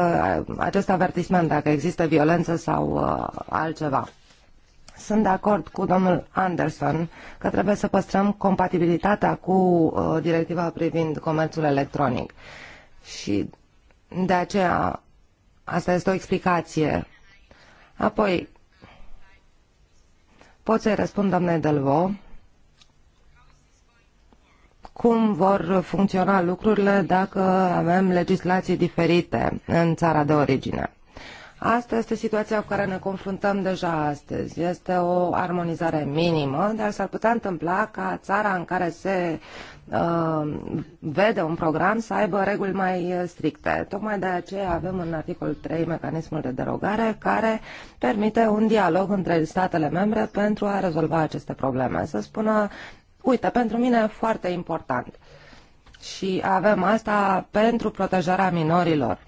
uh, acest avertisment dacă există violență sau uh, altceva. Sunt de acord cu domnul Anderson că trebuie să păstrăm compatibilitatea cu uh, directiva privind comerțul electronic. Și de aceea asta este o explicație. Apoi, pot să-i răspund doamnei Delvo cum vor funcționa lucrurile dacă avem legislații diferite în țara de origine. Asta este situația cu care ne confruntăm deja astăzi. Este o armonizare minimă, dar s-ar putea întâmpla ca țara în care se uh, vede un program să aibă reguli mai stricte. Tocmai de aceea avem în articolul 3 mecanismul de derogare care permite un dialog între statele membre pentru a rezolva aceste probleme. Să spună, uite, pentru mine e foarte important. Și avem asta pentru protejarea minorilor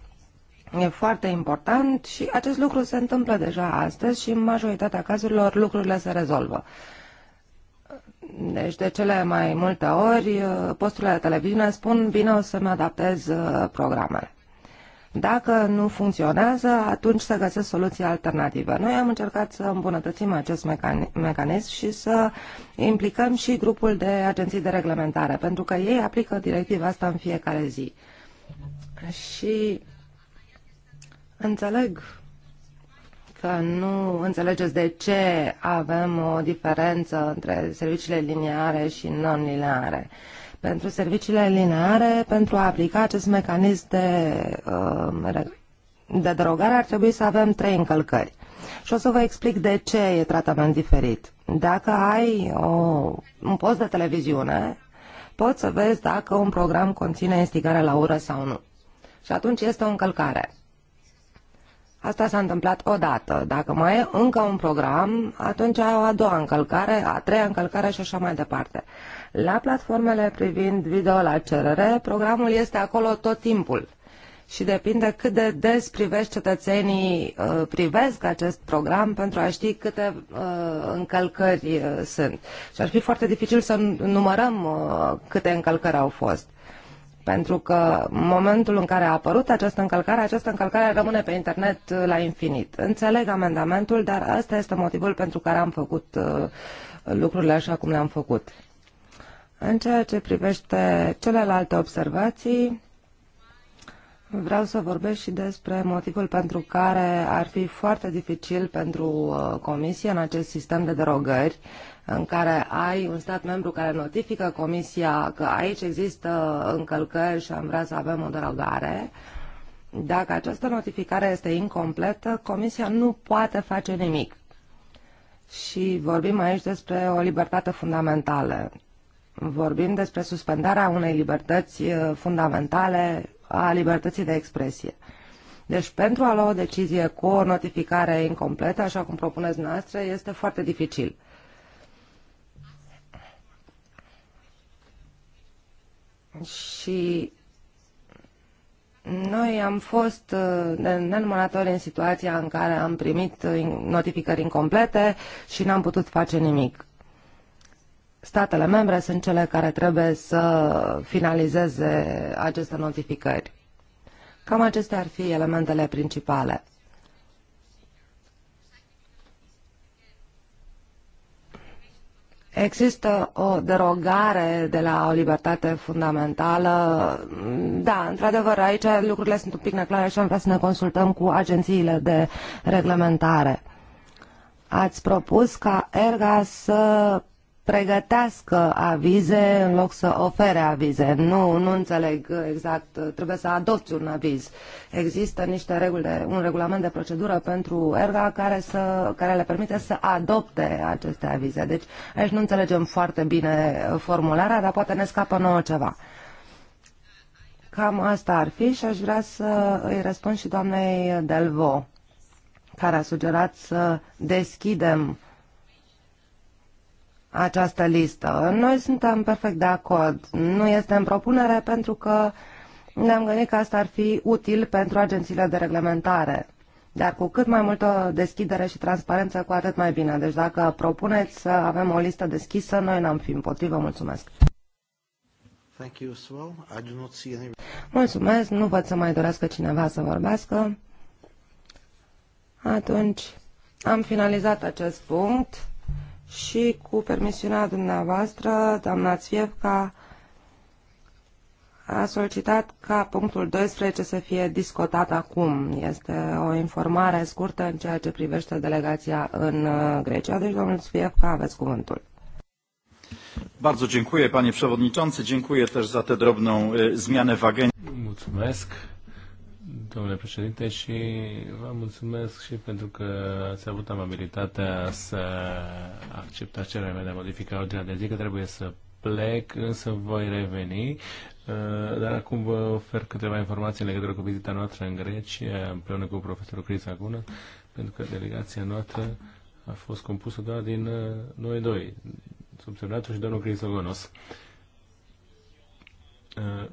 E foarte important și acest lucru se întâmplă deja astăzi și în majoritatea cazurilor lucrurile se rezolvă. Deci de cele mai multe ori posturile de televiziune spun bine o să-mi adaptez uh, programele. Dacă nu funcționează, atunci să găsesc soluții alternative. Noi am încercat să îmbunătățim acest mecanism și să implicăm și grupul de agenții de reglementare, pentru că ei aplică directiva asta în fiecare zi. Și Înțeleg că nu înțelegeți de ce avem o diferență între serviciile lineare și non-lineare. Pentru serviciile lineare, pentru a aplica acest mecanism de, um, de derogare, ar trebui să avem trei încălcări. Și o să vă explic de ce e tratament diferit. Dacă ai o, un post de televiziune, poți să vezi dacă un program conține instigare la ură sau nu. Și atunci este o încălcare. Asta s-a întâmplat odată. Dacă mai e încă un program, atunci au a doua încălcare, a treia încălcare și așa mai departe. La platformele privind video la cerere, programul este acolo tot timpul și depinde cât de des privești cetățenii uh, privesc acest program pentru a ști câte uh, încălcări uh, sunt. Și ar fi foarte dificil să numărăm câte încălcări au fost. Pentru că în momentul în care a apărut această încălcare, această încălcare rămâne pe internet uh, la infinit. Înțeleg amendamentul, dar ăsta este motivul pentru care am făcut uh, lucrurile așa cum le-am făcut. În ceea ce privește celelalte observații, Vreau să vorbesc și despre motivul pentru care ar fi foarte dificil pentru uh, Comisie în acest sistem de derogări în care ai un stat membru care notifică Comisia că aici există încălcări și am vrea să avem o derogare. Dacă această notificare este incompletă, Comisia nu poate face nimic. Și vorbim aici despre o libertate fundamentală. Vorbim despre suspendarea unei libertăți uh, fundamentale a libertății de expresie. Deci pentru a lua o decizie cu o notificare incompletă, așa cum propuneți noastră, este foarte dificil. Și noi am fost de uh, nenumărate ori în situația în care am primit uh, notificări incomplete și n-am putut face nimic statele membre sunt cele care trebuie să finalizeze aceste notificări. Cam acestea ar fi elementele principale. Există o derogare de la o libertate fundamentală. Da, într-adevăr, aici lucrurile sunt un pic neclare și am vrea să ne consultăm cu agențiile de reglementare. Ați propus ca ERGA să pregătească avize în loc să ofere avize. Nu, nu înțeleg exact, trebuie să adopți un aviz. Există niște reguli, un regulament de procedură pentru ERGA care, să, care le permite să adopte aceste avize. Deci aici nu înțelegem foarte bine formularea, dar poate ne scapă nouă ceva. Cam asta ar fi și aș vrea să îi răspund și doamnei Delvo, care a sugerat să deschidem această listă. Noi suntem perfect de acord. Nu este în propunere pentru că ne-am gândit că asta ar fi util pentru agențiile de reglementare. Dar cu cât mai multă deschidere și transparență, cu atât mai bine. Deci dacă propuneți să avem o listă deschisă, noi n-am fi împotrivă. Mulțumesc! Thank you as well. I do not see any... Mulțumesc, nu văd să mai dorească cineva să vorbească. Atunci, am finalizat acest punct și cu permisiunea dumneavoastră, doamna Țvievca a solicitat ca punctul 12 să fie discutat acum. Este o informare scurtă în ceea ce privește delegația în uh, Grecia. Deci, domnul Țvievca, aveți cuvântul. Bardzo dziękuję, panie przewodniczący. Dziękuję też za tę drobną zmianę w agendzie. Mulțumesc domnule președinte, și vă mulțumesc și pentru că ați avut amabilitatea să acceptați cererea mea de a modifica ordinea de zi, că trebuie să plec, însă voi reveni. Uh, dar acum vă ofer câteva informații în legătură cu vizita noastră în Grecia, împreună cu profesorul Cris Agună, pentru că delegația noastră a fost compusă doar din uh, noi doi, subsemnatul și domnul Crisogonos. Uh,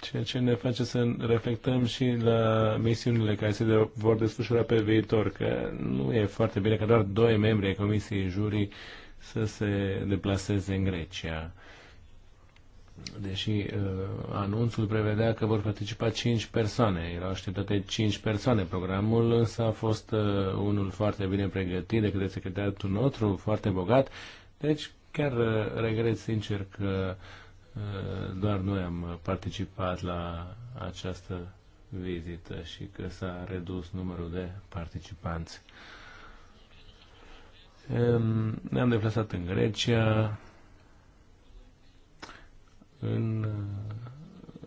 ceea ce ne face să reflectăm și la misiunile care se vor desfășura pe viitor, că nu e foarte bine că doar doi membri ai Comisiei Jurii să se deplaseze în Grecia. Deși uh, anunțul prevedea că vor participa 5 persoane, erau așteptate 5 persoane. Programul însă a fost uh, unul foarte bine pregătit de către secretariatul nostru, foarte bogat. Deci chiar uh, regret sincer că uh, Eh, doar noi am participat la această vizită și că s-a redus numărul de participanți. Ne-am deplasat în Grecia, în,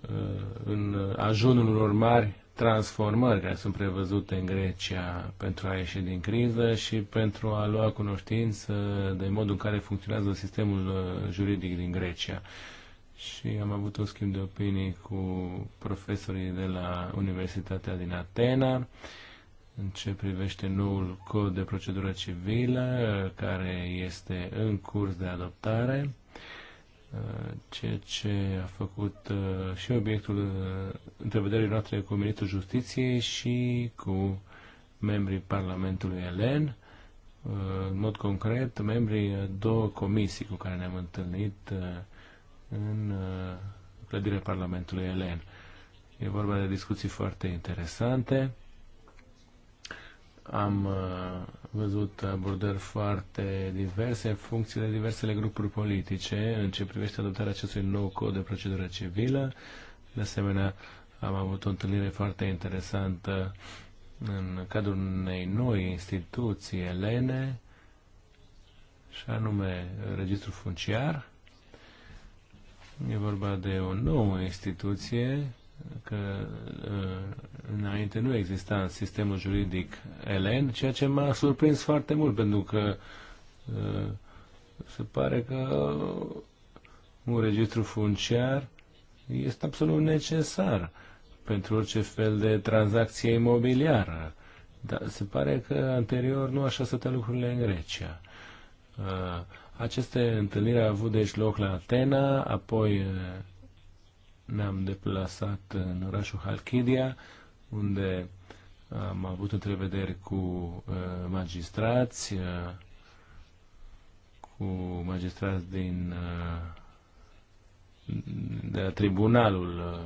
eh, în ajunul unor mari transformări care sunt prevăzute în Grecia pentru a ieși din criză și pentru a lua cunoștință de modul în care funcționează sistemul eh, juridic din Grecia. Uh, și am avut un schimb de opinii cu profesorii de la Universitatea din Atena în ce privește noul cod de procedură civilă care este în curs de adoptare, ceea ce a făcut uh, și obiectul uh, întrevederii noastre cu Ministrul Justiției și cu membrii Parlamentului Elen uh, în mod concret, membrii două comisii cu care ne-am întâlnit în uh, clădirea Parlamentului Elen. E vorba de discuții foarte interesante. Am uh, văzut abordări foarte diverse în funcție de diversele grupuri politice în ce privește adoptarea acestui nou cod de procedură civilă. De asemenea, am avut o întâlnire foarte interesantă în cadrul unei noi instituții elene, și anume Registrul Funciar, E vorba de o nouă instituție, că ă, înainte nu exista în sistemul juridic elen, ceea ce m-a surprins foarte mult, pentru că ă, se pare că un registru funciar este absolut necesar pentru orice fel de tranzacție imobiliară. Dar se pare că anterior nu așa stătea lucrurile în Grecia. Uh, aceste întâlniri au avut deci loc la Atena, apoi eh, ne-am deplasat în orașul Halkidia, unde am avut întrevederi cu eh, magistrați, eh, cu magistrați din de la tribunalul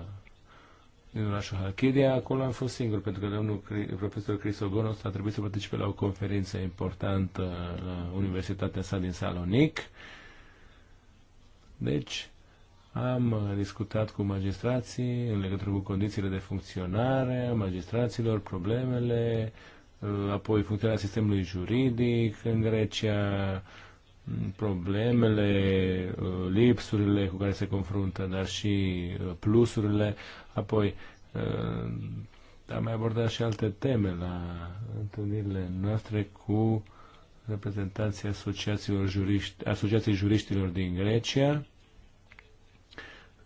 din orașul Halkidia. Acolo am fost singur, pentru că domnul profesor Crisogonos a trebuit să participe la o conferință importantă la Universitatea sa din Salonic. Deci, am discutat cu magistrații în legătură cu condițiile de funcționare a magistraților, problemele, apoi funcționarea sistemului juridic în Grecia, problemele, lipsurile cu care se confruntă, dar și uh, plusurile. Apoi, uh, am mai abordat și alte teme la întâlnirile noastre cu reprezentanții asociațiilor juriști, asociației juriștilor din Grecia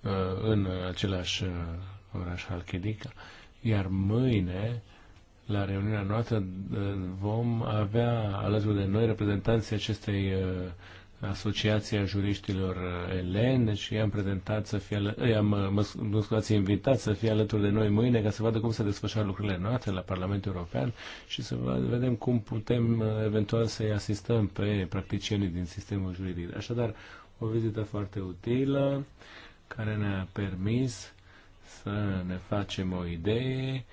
uh, în același uh, oraș Halkidica. Iar mâine, la reuniunea noastră, vom avea alături de noi reprezentanții acestei Asociația Juriștilor Elen și i-am prezentat să fie, i-am, mă, mă invitat să fie alături de noi mâine ca să vadă cum se desfășoară lucrurile noastre la Parlamentul European și să vedem cum putem uh, eventual să-i asistăm pe practicienii din sistemul juridic. Așadar, o vizită foarte utilă care ne-a permis să ne facem o idee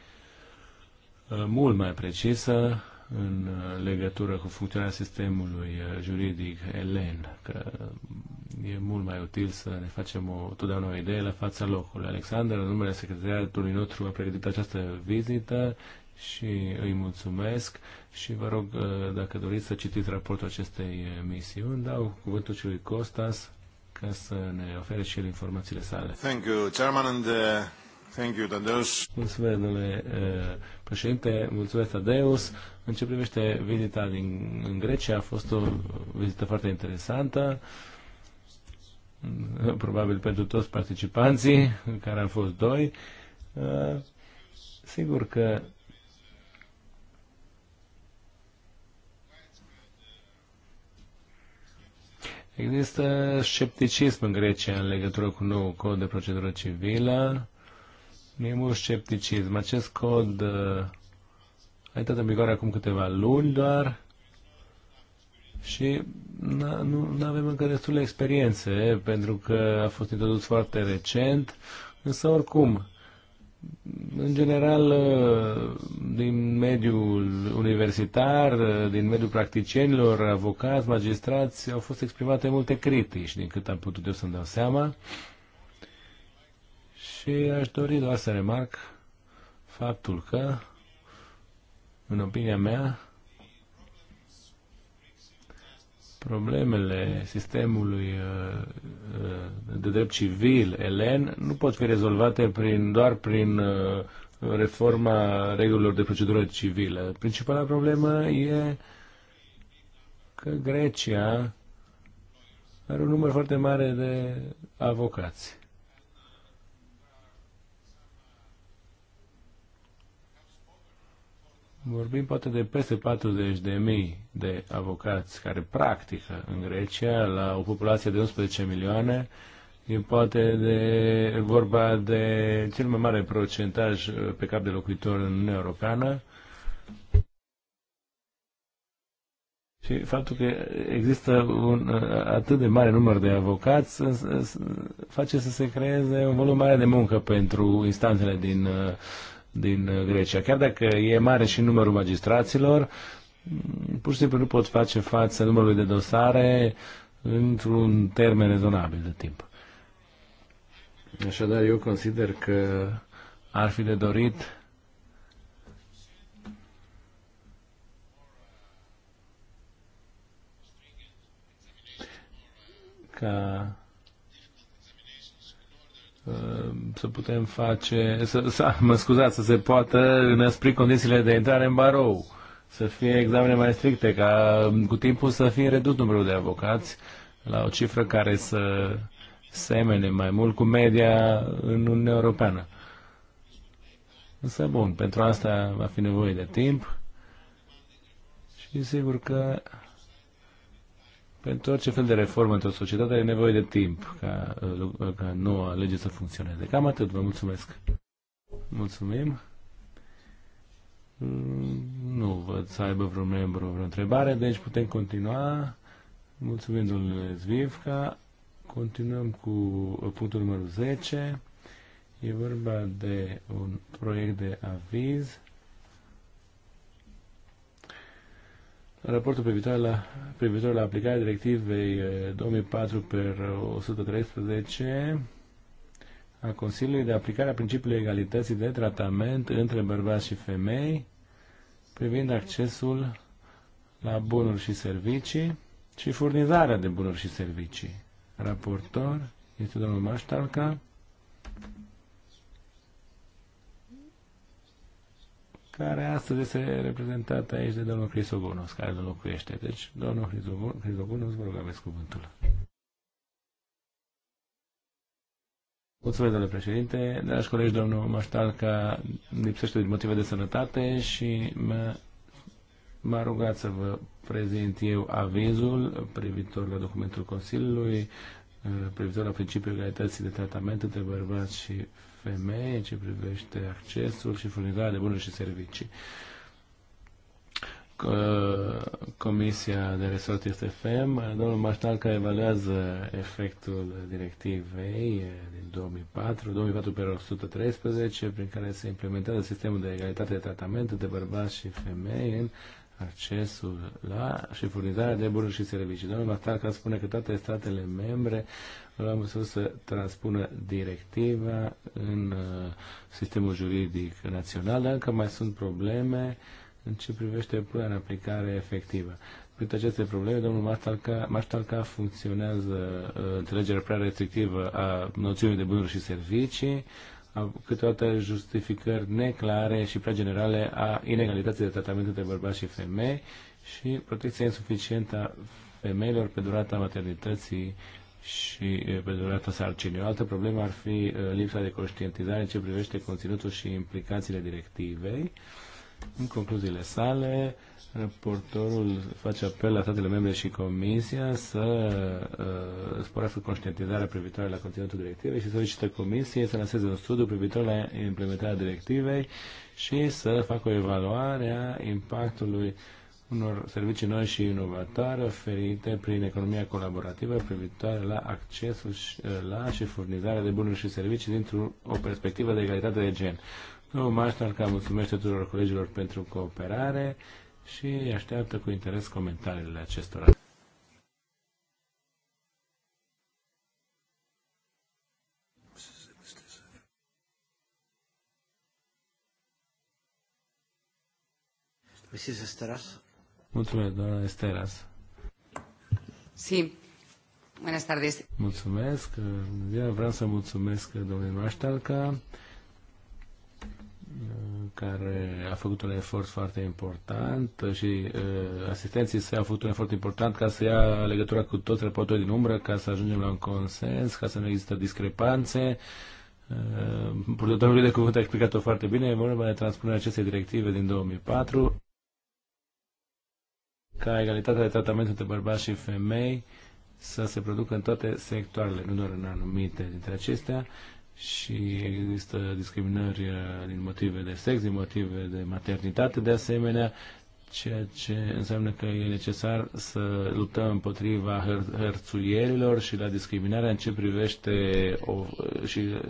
uh, mult mai precisă în legătură cu funcționarea sistemului juridic elen, că e mult mai util să ne facem o, totdeauna o idee la fața locului. Alexander, în numele secretariatului nostru, a pregătit această vizită și îi mulțumesc și vă rog, uh, dacă doriți să citiți raportul acestei misiuni, dau cuvântul celui Costas ca să ne ofere și el informațiile sale. Thank you, Chairman, and, uh... Thank you, Tadeus. Mulțumesc, domnule eh, președinte, mulțumesc, Tadeus. În ce privește vizita din, în Grecia, a fost o vizită foarte interesantă, eh, probabil pentru toți participanții, care au fost doi. Eh, sigur că Există scepticism în Grecia în legătură cu nou cod de procedură civilă e mult scepticism. Acest cod uh, a intrat în vigoare acum câteva luni doar și nu avem încă destule experiențe pentru că a fost introdus foarte recent, însă oricum, în general, uh, din mediul universitar, uh, din mediul practicienilor, avocați, magistrați, au fost exprimate multe critici, din cât am putut eu să-mi dau seama. Uh, și aș dori doar să remarc faptul că, în opinia mea, problemele sistemului uh, uh, de drept civil elen nu pot fi rezolvate prin, doar prin uh, reforma regulilor de procedură civilă. Principala problemă e că Grecia are un număr foarte mare de avocați. Vorbim poate de peste 40 de mii de avocați care practică în Grecia la o populație de 11 milioane. E poate de, vorba de cel mai mare procentaj uh, pe cap de locuitor în Uniunea Europeană. Și faptul că există un uh, atât de mare număr de avocați face să se creeze un volum mare de muncă pentru instanțele din uh, din uh, Grecia. Chiar dacă e mare și numărul magistraților, mm, pur și simplu nu pot face față numărului de dosare într-un termen rezonabil de timp. Așadar, eu consider că ar fi de dorit ca Ehm, să putem face, să, să, mă scuzați, să se poată înăspri condițiile de intrare în barou, să fie examene mai stricte, ca ehm, cu timpul să fie redus numărul de avocați la o cifră care să semene mai mult cu media în Uniunea Europeană. Însă, bun, pentru asta va fi nevoie de timp și sigur că pentru orice fel de reformă într-o societate e nevoie de timp ca, uh, ca noua lege să funcționeze. Cam atât. Vă mulțumesc. Mulțumim. Mm, nu văd să aibă vreun membru vreo întrebare, deci putem continua. Mulțumim, domnule Zvivca. Continuăm cu punctul numărul 10. E vorba de un proiect de aviz raportul privitor la, privitor la aplicarea directivei 2004 eh, 113 a Consiliului de aplicare a principiului egalității de tratament între bărbați și femei privind accesul la bunuri și servicii și furnizarea de bunuri și servicii. Raportor este domnul Maștalca. care astăzi este reprezentată aici de domnul Crisogonos, care îl locuiește. Deci, domnul Crisogonos, vă rog, aveți cuvântul. Mulțumesc, domnule președinte. Dragi colegi, domnul Maștalca lipsește din motive de sănătate și mă, m-a rugat să vă prezint eu avizul privitor la documentul Consiliului, eh, privitor la principiul egalității de tratament între bărbați și femei ce privește accesul și furnizarea de bunuri și servicii. Comisia de Resort este FEM, domnul Maștal care evaluează efectul directivei din 2004, 2004 pe 113, prin care se implementează sistemul de egalitate de tratament de bărbați și femei în accesul la și furnizarea de bunuri și servicii. Domnul Maștal spune că toate statele membre l-am văzut să transpună directiva în uh, sistemul juridic național, dar încă mai sunt probleme în ce privește până în aplicare efectivă. Printre aceste probleme, domnul Maștalca, Maștalca funcționează uh, înțelegerea prea restrictivă a noțiunii de bunuri și servicii, câteodată justificări neclare și prea generale a inegalității de tratament între bărbați și femei și protecția insuficientă a femeilor pe durata maternității și pe durata sarcinii. O altă problemă ar fi lipsa de conștientizare în ce privește conținutul și implicațiile directivei. În concluziile sale, raportorul face apel la statele membre și Comisia să uh, sporească conștientizarea privitoare la conținutul directivei și solicită Comisiei să lanseze un studiu privitor la implementarea directivei și să facă o evaluare a impactului uh, unor servicii noi și inovatoare oferite prin economia colaborativă privitoare la accesul eh, la și furnizarea de bunuri și servicii dintr-o o perspectivă de egalitate de gen. Domnul Maștarca mulțumesc tuturor colegilor pentru cooperare și așteaptă cu interes comentariile acestora. Mrs. Esteras? Mulțumesc, doamna Esteras. Sí. Buenas tardes. Mulțumesc. Vreau să mulțumesc domnului Maștalca care a făcut un efort foarte important și uh, asistenții săi au făcut un efort important ca să ia legătura cu toți raportorii din umbră, ca să ajungem la un consens, ca să nu există discrepanțe. Uh, Purtătorul de cuvânt a explicat-o foarte bine, e vorba de transpunerea acestei directive din 2004 ca egalitatea de tratament între bărbați și femei să se producă în toate sectoarele, nu doar în anumite dintre acestea, și există discriminări uh, din motive de sex, din motive de maternitate, de asemenea, ceea ce înseamnă că e necesar să luptăm împotriva hăr- hărțuierilor și la discriminarea în ce privește o, uh, și uh,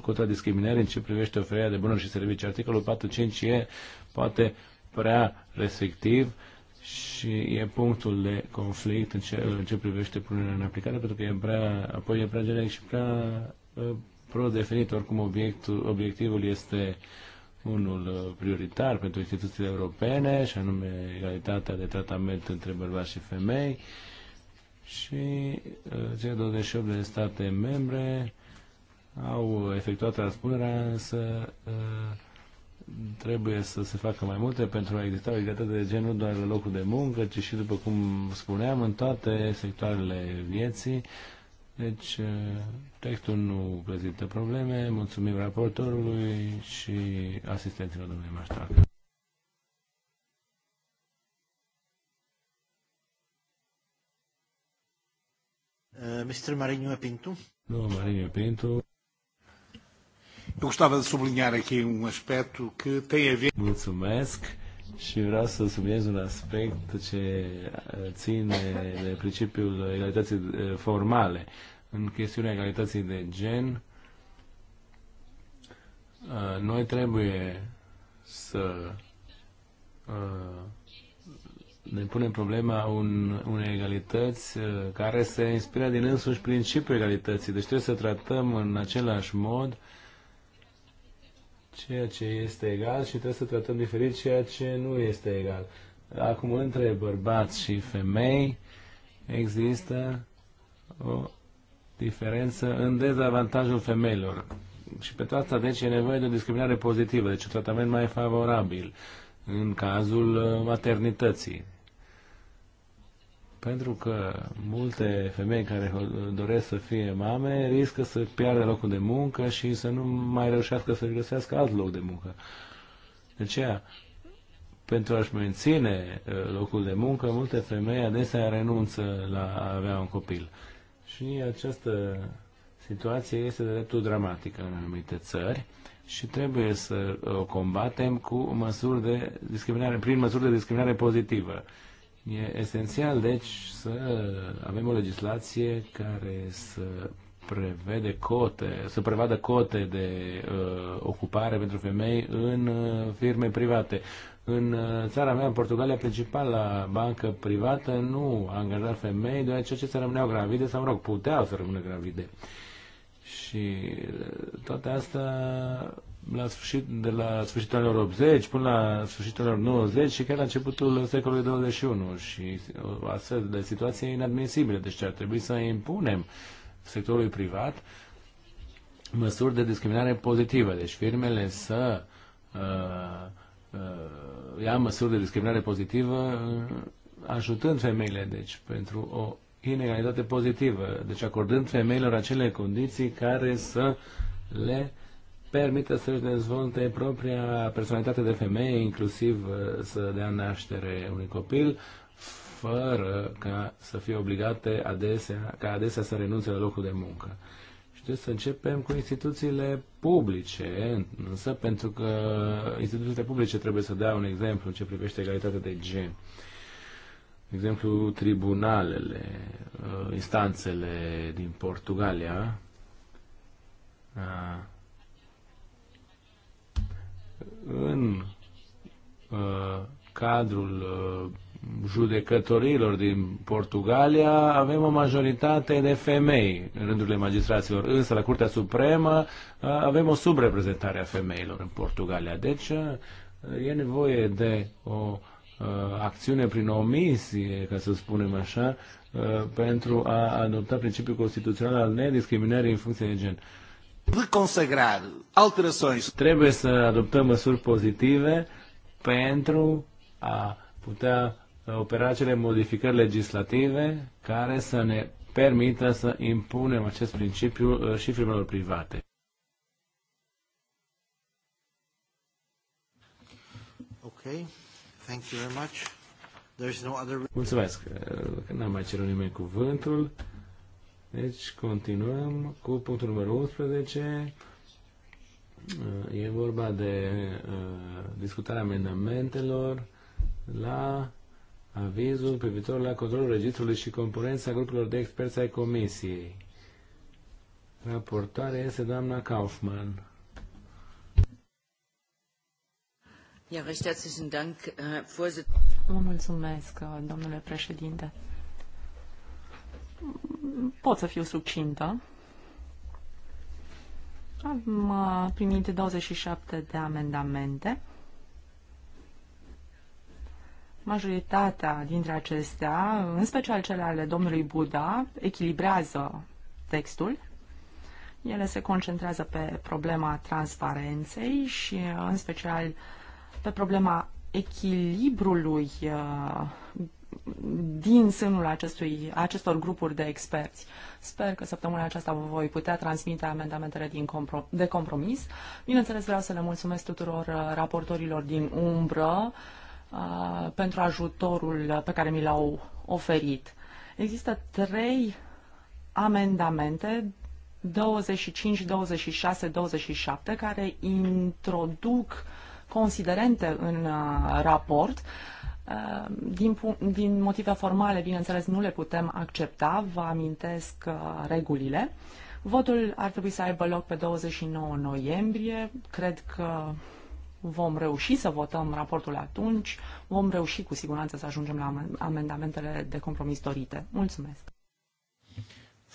contra discriminării în ce privește oferirea de bunuri și servicii. Articolul 4.5 e poate prea restrictiv și e punctul de conflict în ce, în ce privește punerea în aplicare, pentru că e prea, apoi e prea generic și prea uh, pro-definit, oricum obiectul, obiectivul este unul uh, prioritar pentru instituțiile europene, și anume egalitatea de tratament între bărbați și femei, și uh, cele 28 de state membre au efectuat transpunerea, însă uh, trebuie să se facă mai multe pentru a exista o egalitate de gen nu doar la locul de muncă, ci și, după cum spuneam, în toate sectoarele vieții. Deci, eh, textul nu prezintă probleme. Mulțumim raportorului și asistenților domnului Maștrac. Eh, Mr. Marinho Pinto. No, Marinho Pinto. Eu gostava de sublinhar aqui um aspecto que tem a ver... Mulțumesc și vreau să subliniez un aspect ce ține de principiul egalității eh, formale. În chestiunea egalității de gen, eh, noi trebuie să eh, ne punem problema un, unei egalități care se inspiră din însuși principiul egalității. Deci trebuie să tratăm în același mod uh, ceea ce este egal și trebuie să tratăm diferit ceea ce nu este egal. Acum, între bărbați și femei există o diferență în dezavantajul femeilor. Și pentru asta, deci, e nevoie de o discriminare pozitivă, deci un tratament mai favorabil în cazul uh, maternității pentru că multe femei care doresc să fie mame riscă să piardă locul de muncă și să nu mai reușească să găsească alt loc de muncă. De aceea, pentru a-și menține uh, locul de muncă, multe femei adesea renunță la a avea un copil. Și această situație este de dreptul dramatică în anumite țări și trebuie să o combatem cu măsuri de discriminare, prin măsuri de discriminare pozitivă. E esențial, deci, să avem o legislație care să prevede cote, să prevadă cote de uh, ocupare pentru femei în uh, firme private. În uh, țara mea, în Portugalia, principala bancă privată nu a angajat femei, deoarece se rămâneau gravide sau, mă rog, puteau să rămână gravide. Și uh, toate astea la sfârșit, de la sfârșitul anilor 80 până la sfârșitul anilor 90 și chiar la începutul secolului 21 și o astfel de situație inadmisibilă. Deci ar trebui să impunem sectorului privat măsuri de discriminare pozitivă. Deci firmele să uh, uh, ia măsuri de discriminare pozitivă uh, ajutând femeile, deci pentru o inegalitate pozitivă, deci acordând femeilor acele condiții care să le uh, permită să-și dezvolte propria personalitate de femeie, inclusiv uh, să dea naștere unui copil, fără ca să fie obligate adesea, ca adesea să renunțe la locul de muncă. Și trebuie să începem cu instituțiile publice, însă pentru că instituțiile publice trebuie să dea un exemplu în ce privește egalitatea de gen. De exemplu, tribunalele, uh, instanțele din Portugalia, uh, în uh, cadrul uh, judecătorilor din Portugalia avem o majoritate de femei în rândurile magistraților, însă la Curtea Supremă uh, avem o subreprezentare a femeilor în Portugalia. Deci uh, e nevoie de o uh, acțiune prin omisie, ca să spunem așa, pentru a adopta principiul constituțional al nediscriminării în funcție de gen. Reconsagrar alterações. Trebuie să adoptăm măsuri pozitive pentru a putea opera acele modificări legislative care să ne permită să impunem acest principiu uh, și firmelor private. Ok, Thank you very much. There's no other... Mulțumesc. Uh, n-am mai cerut nimeni cuvântul. Deci continuăm cu punctul numărul 11. Uh, e vorba de uh, discutarea amendamentelor la avizul privitor la controlul registrului și componența grupurilor de experți ai Comisiei. Raportarea este doamna Kaufmann. Ja, recht herzlichen Dank, Herr äh, Vorsitzender. Vă mulțumesc, domnule președinte pot să fiu subcintă. Am uh, primit 27 de amendamente. Majoritatea dintre acestea, în special cele ale domnului Buda, echilibrează textul. Ele se concentrează pe problema transparenței și, uh, în special, pe problema echilibrului uh, din sânul acestui, acestor grupuri de experți. Sper că săptămâna aceasta vă voi putea transmite amendamentele din compro- de compromis. Bineînțeles, vreau să le mulțumesc tuturor uh, raportorilor din umbră uh, pentru ajutorul pe care mi l-au oferit. Există trei amendamente 25, 26, 27 care introduc uh, considerente în uh, raport. Uh, din, din motive formale, bineînțeles, nu le putem accepta, vă amintesc uh, regulile. Votul ar trebui să aibă loc pe 29 noiembrie. Cred că vom reuși să votăm raportul atunci, vom reuși cu siguranță să ajungem la amendamentele de compromis dorite. Mulțumesc!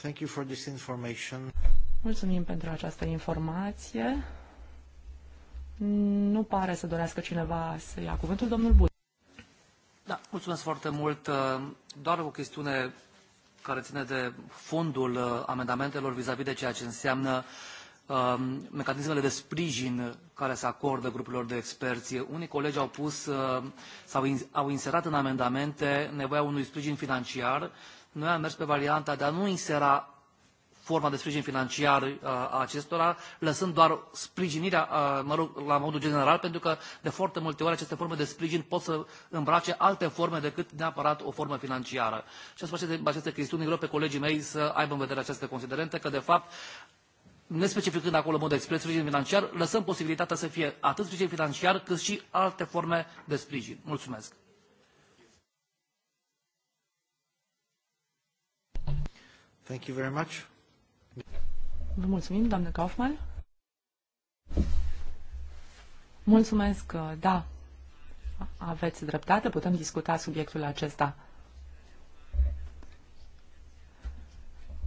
Thank you for this information. Mulțumim pentru această informație. Nu pare să dorească cineva să ia cuvântul. Domnul Bud. Da, mulțumesc foarte mult. Uh, doar o chestiune care ține de fondul uh, amendamentelor vis-a-vis -vis de ceea ce înseamnă uh, mecanismele de sprijin care se acordă grupurilor de experți. Unii colegi au pus sau au inserat în amendamente nevoia unui sprijin financiar. Noi am mers pe varianta de a nu insera forma de sprijin financiar uh, a acestora, lăsând doar sprijinirea, uh, mă rog, la modul general, pentru că de foarte multe ori aceste forme de sprijin pot să îmbrace alte forme decât neapărat o formă financiară. Și asupra face aceste chestiuni rog pe colegii mei să aibă în vedere aceste considerente, că de fapt nespecificând acolo în mod expres sprijin financiar, lăsăm posibilitatea să fie atât sprijin financiar cât și alte forme de sprijin. Mulțumesc! Thank you very much. Vă mulțumim, doamnă Kaufman. Mulțumesc, uh, da, aveți dreptate, putem discuta subiectul acesta.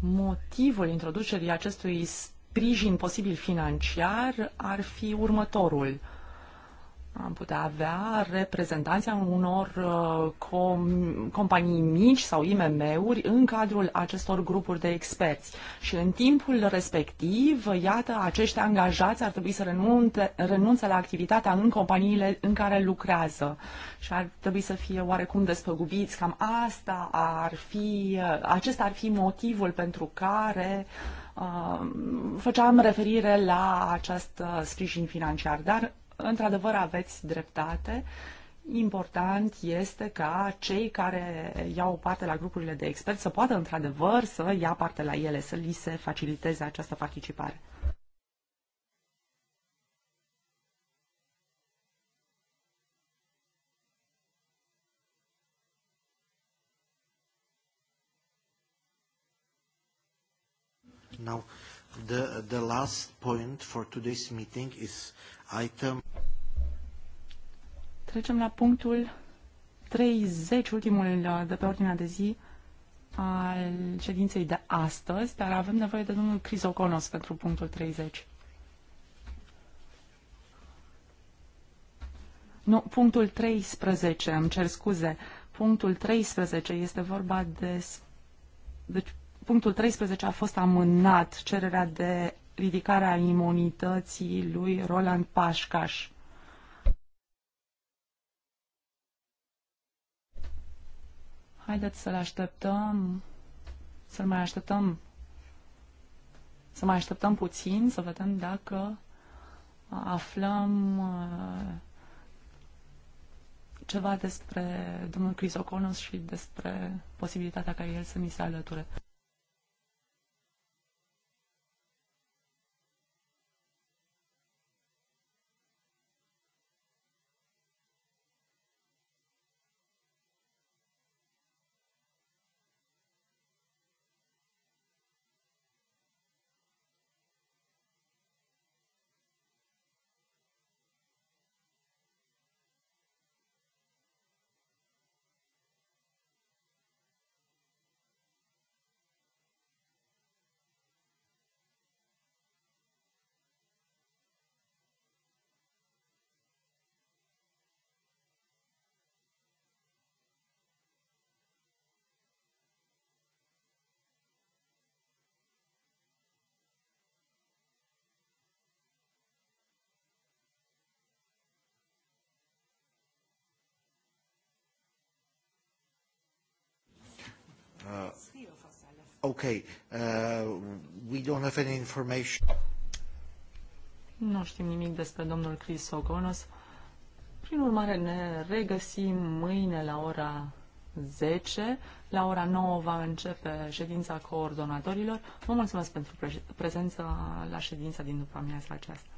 Motivul introducerii acestui sprijin posibil financiar ar fi următorul – am putea avea reprezentanția unor uh, com- companii mici sau IMM-uri în cadrul acestor grupuri de experți. Și în timpul respectiv, iată, acești angajați ar trebui să renunte, renunțe la activitatea în companiile în care lucrează și ar trebui să fie oarecum despăgubiți. Cam asta ar fi, uh, acesta ar fi motivul pentru care uh, făceam referire la acest uh, sprijin financiar. Dar într-adevăr aveți dreptate. Important este ca cei care iau parte la grupurile de experți să poată într-adevăr să ia parte la ele, să li se faciliteze această participare. Now. The, the last point for today's meeting is item... Trecem la punctul 30, ultimul uh, de pe ordinea de zi al ședinței de astăzi, dar avem nevoie de domnul Crisoconos pentru punctul 30. Nu, punctul 13, îmi cer scuze. Punctul 13 este vorba de. deci punctul 13 a fost amânat cererea de ridicare a imunității lui Roland Pașcaș. Haideți să-l așteptăm, să-l mai așteptăm, să mai așteptăm puțin, să vedem dacă aflăm uh, ceva despre domnul Crisoconos și despre posibilitatea ca el să ni se alăture. Okay, uh, we don't have any information. Nu știm nimic despre domnul Chris Ogonos. Prin urmare, ne regăsim mâine la ora 10. La ora 9 va începe ședința coordonatorilor. Vă mulțumesc pentru prezența la ședința din după amiaza aceasta.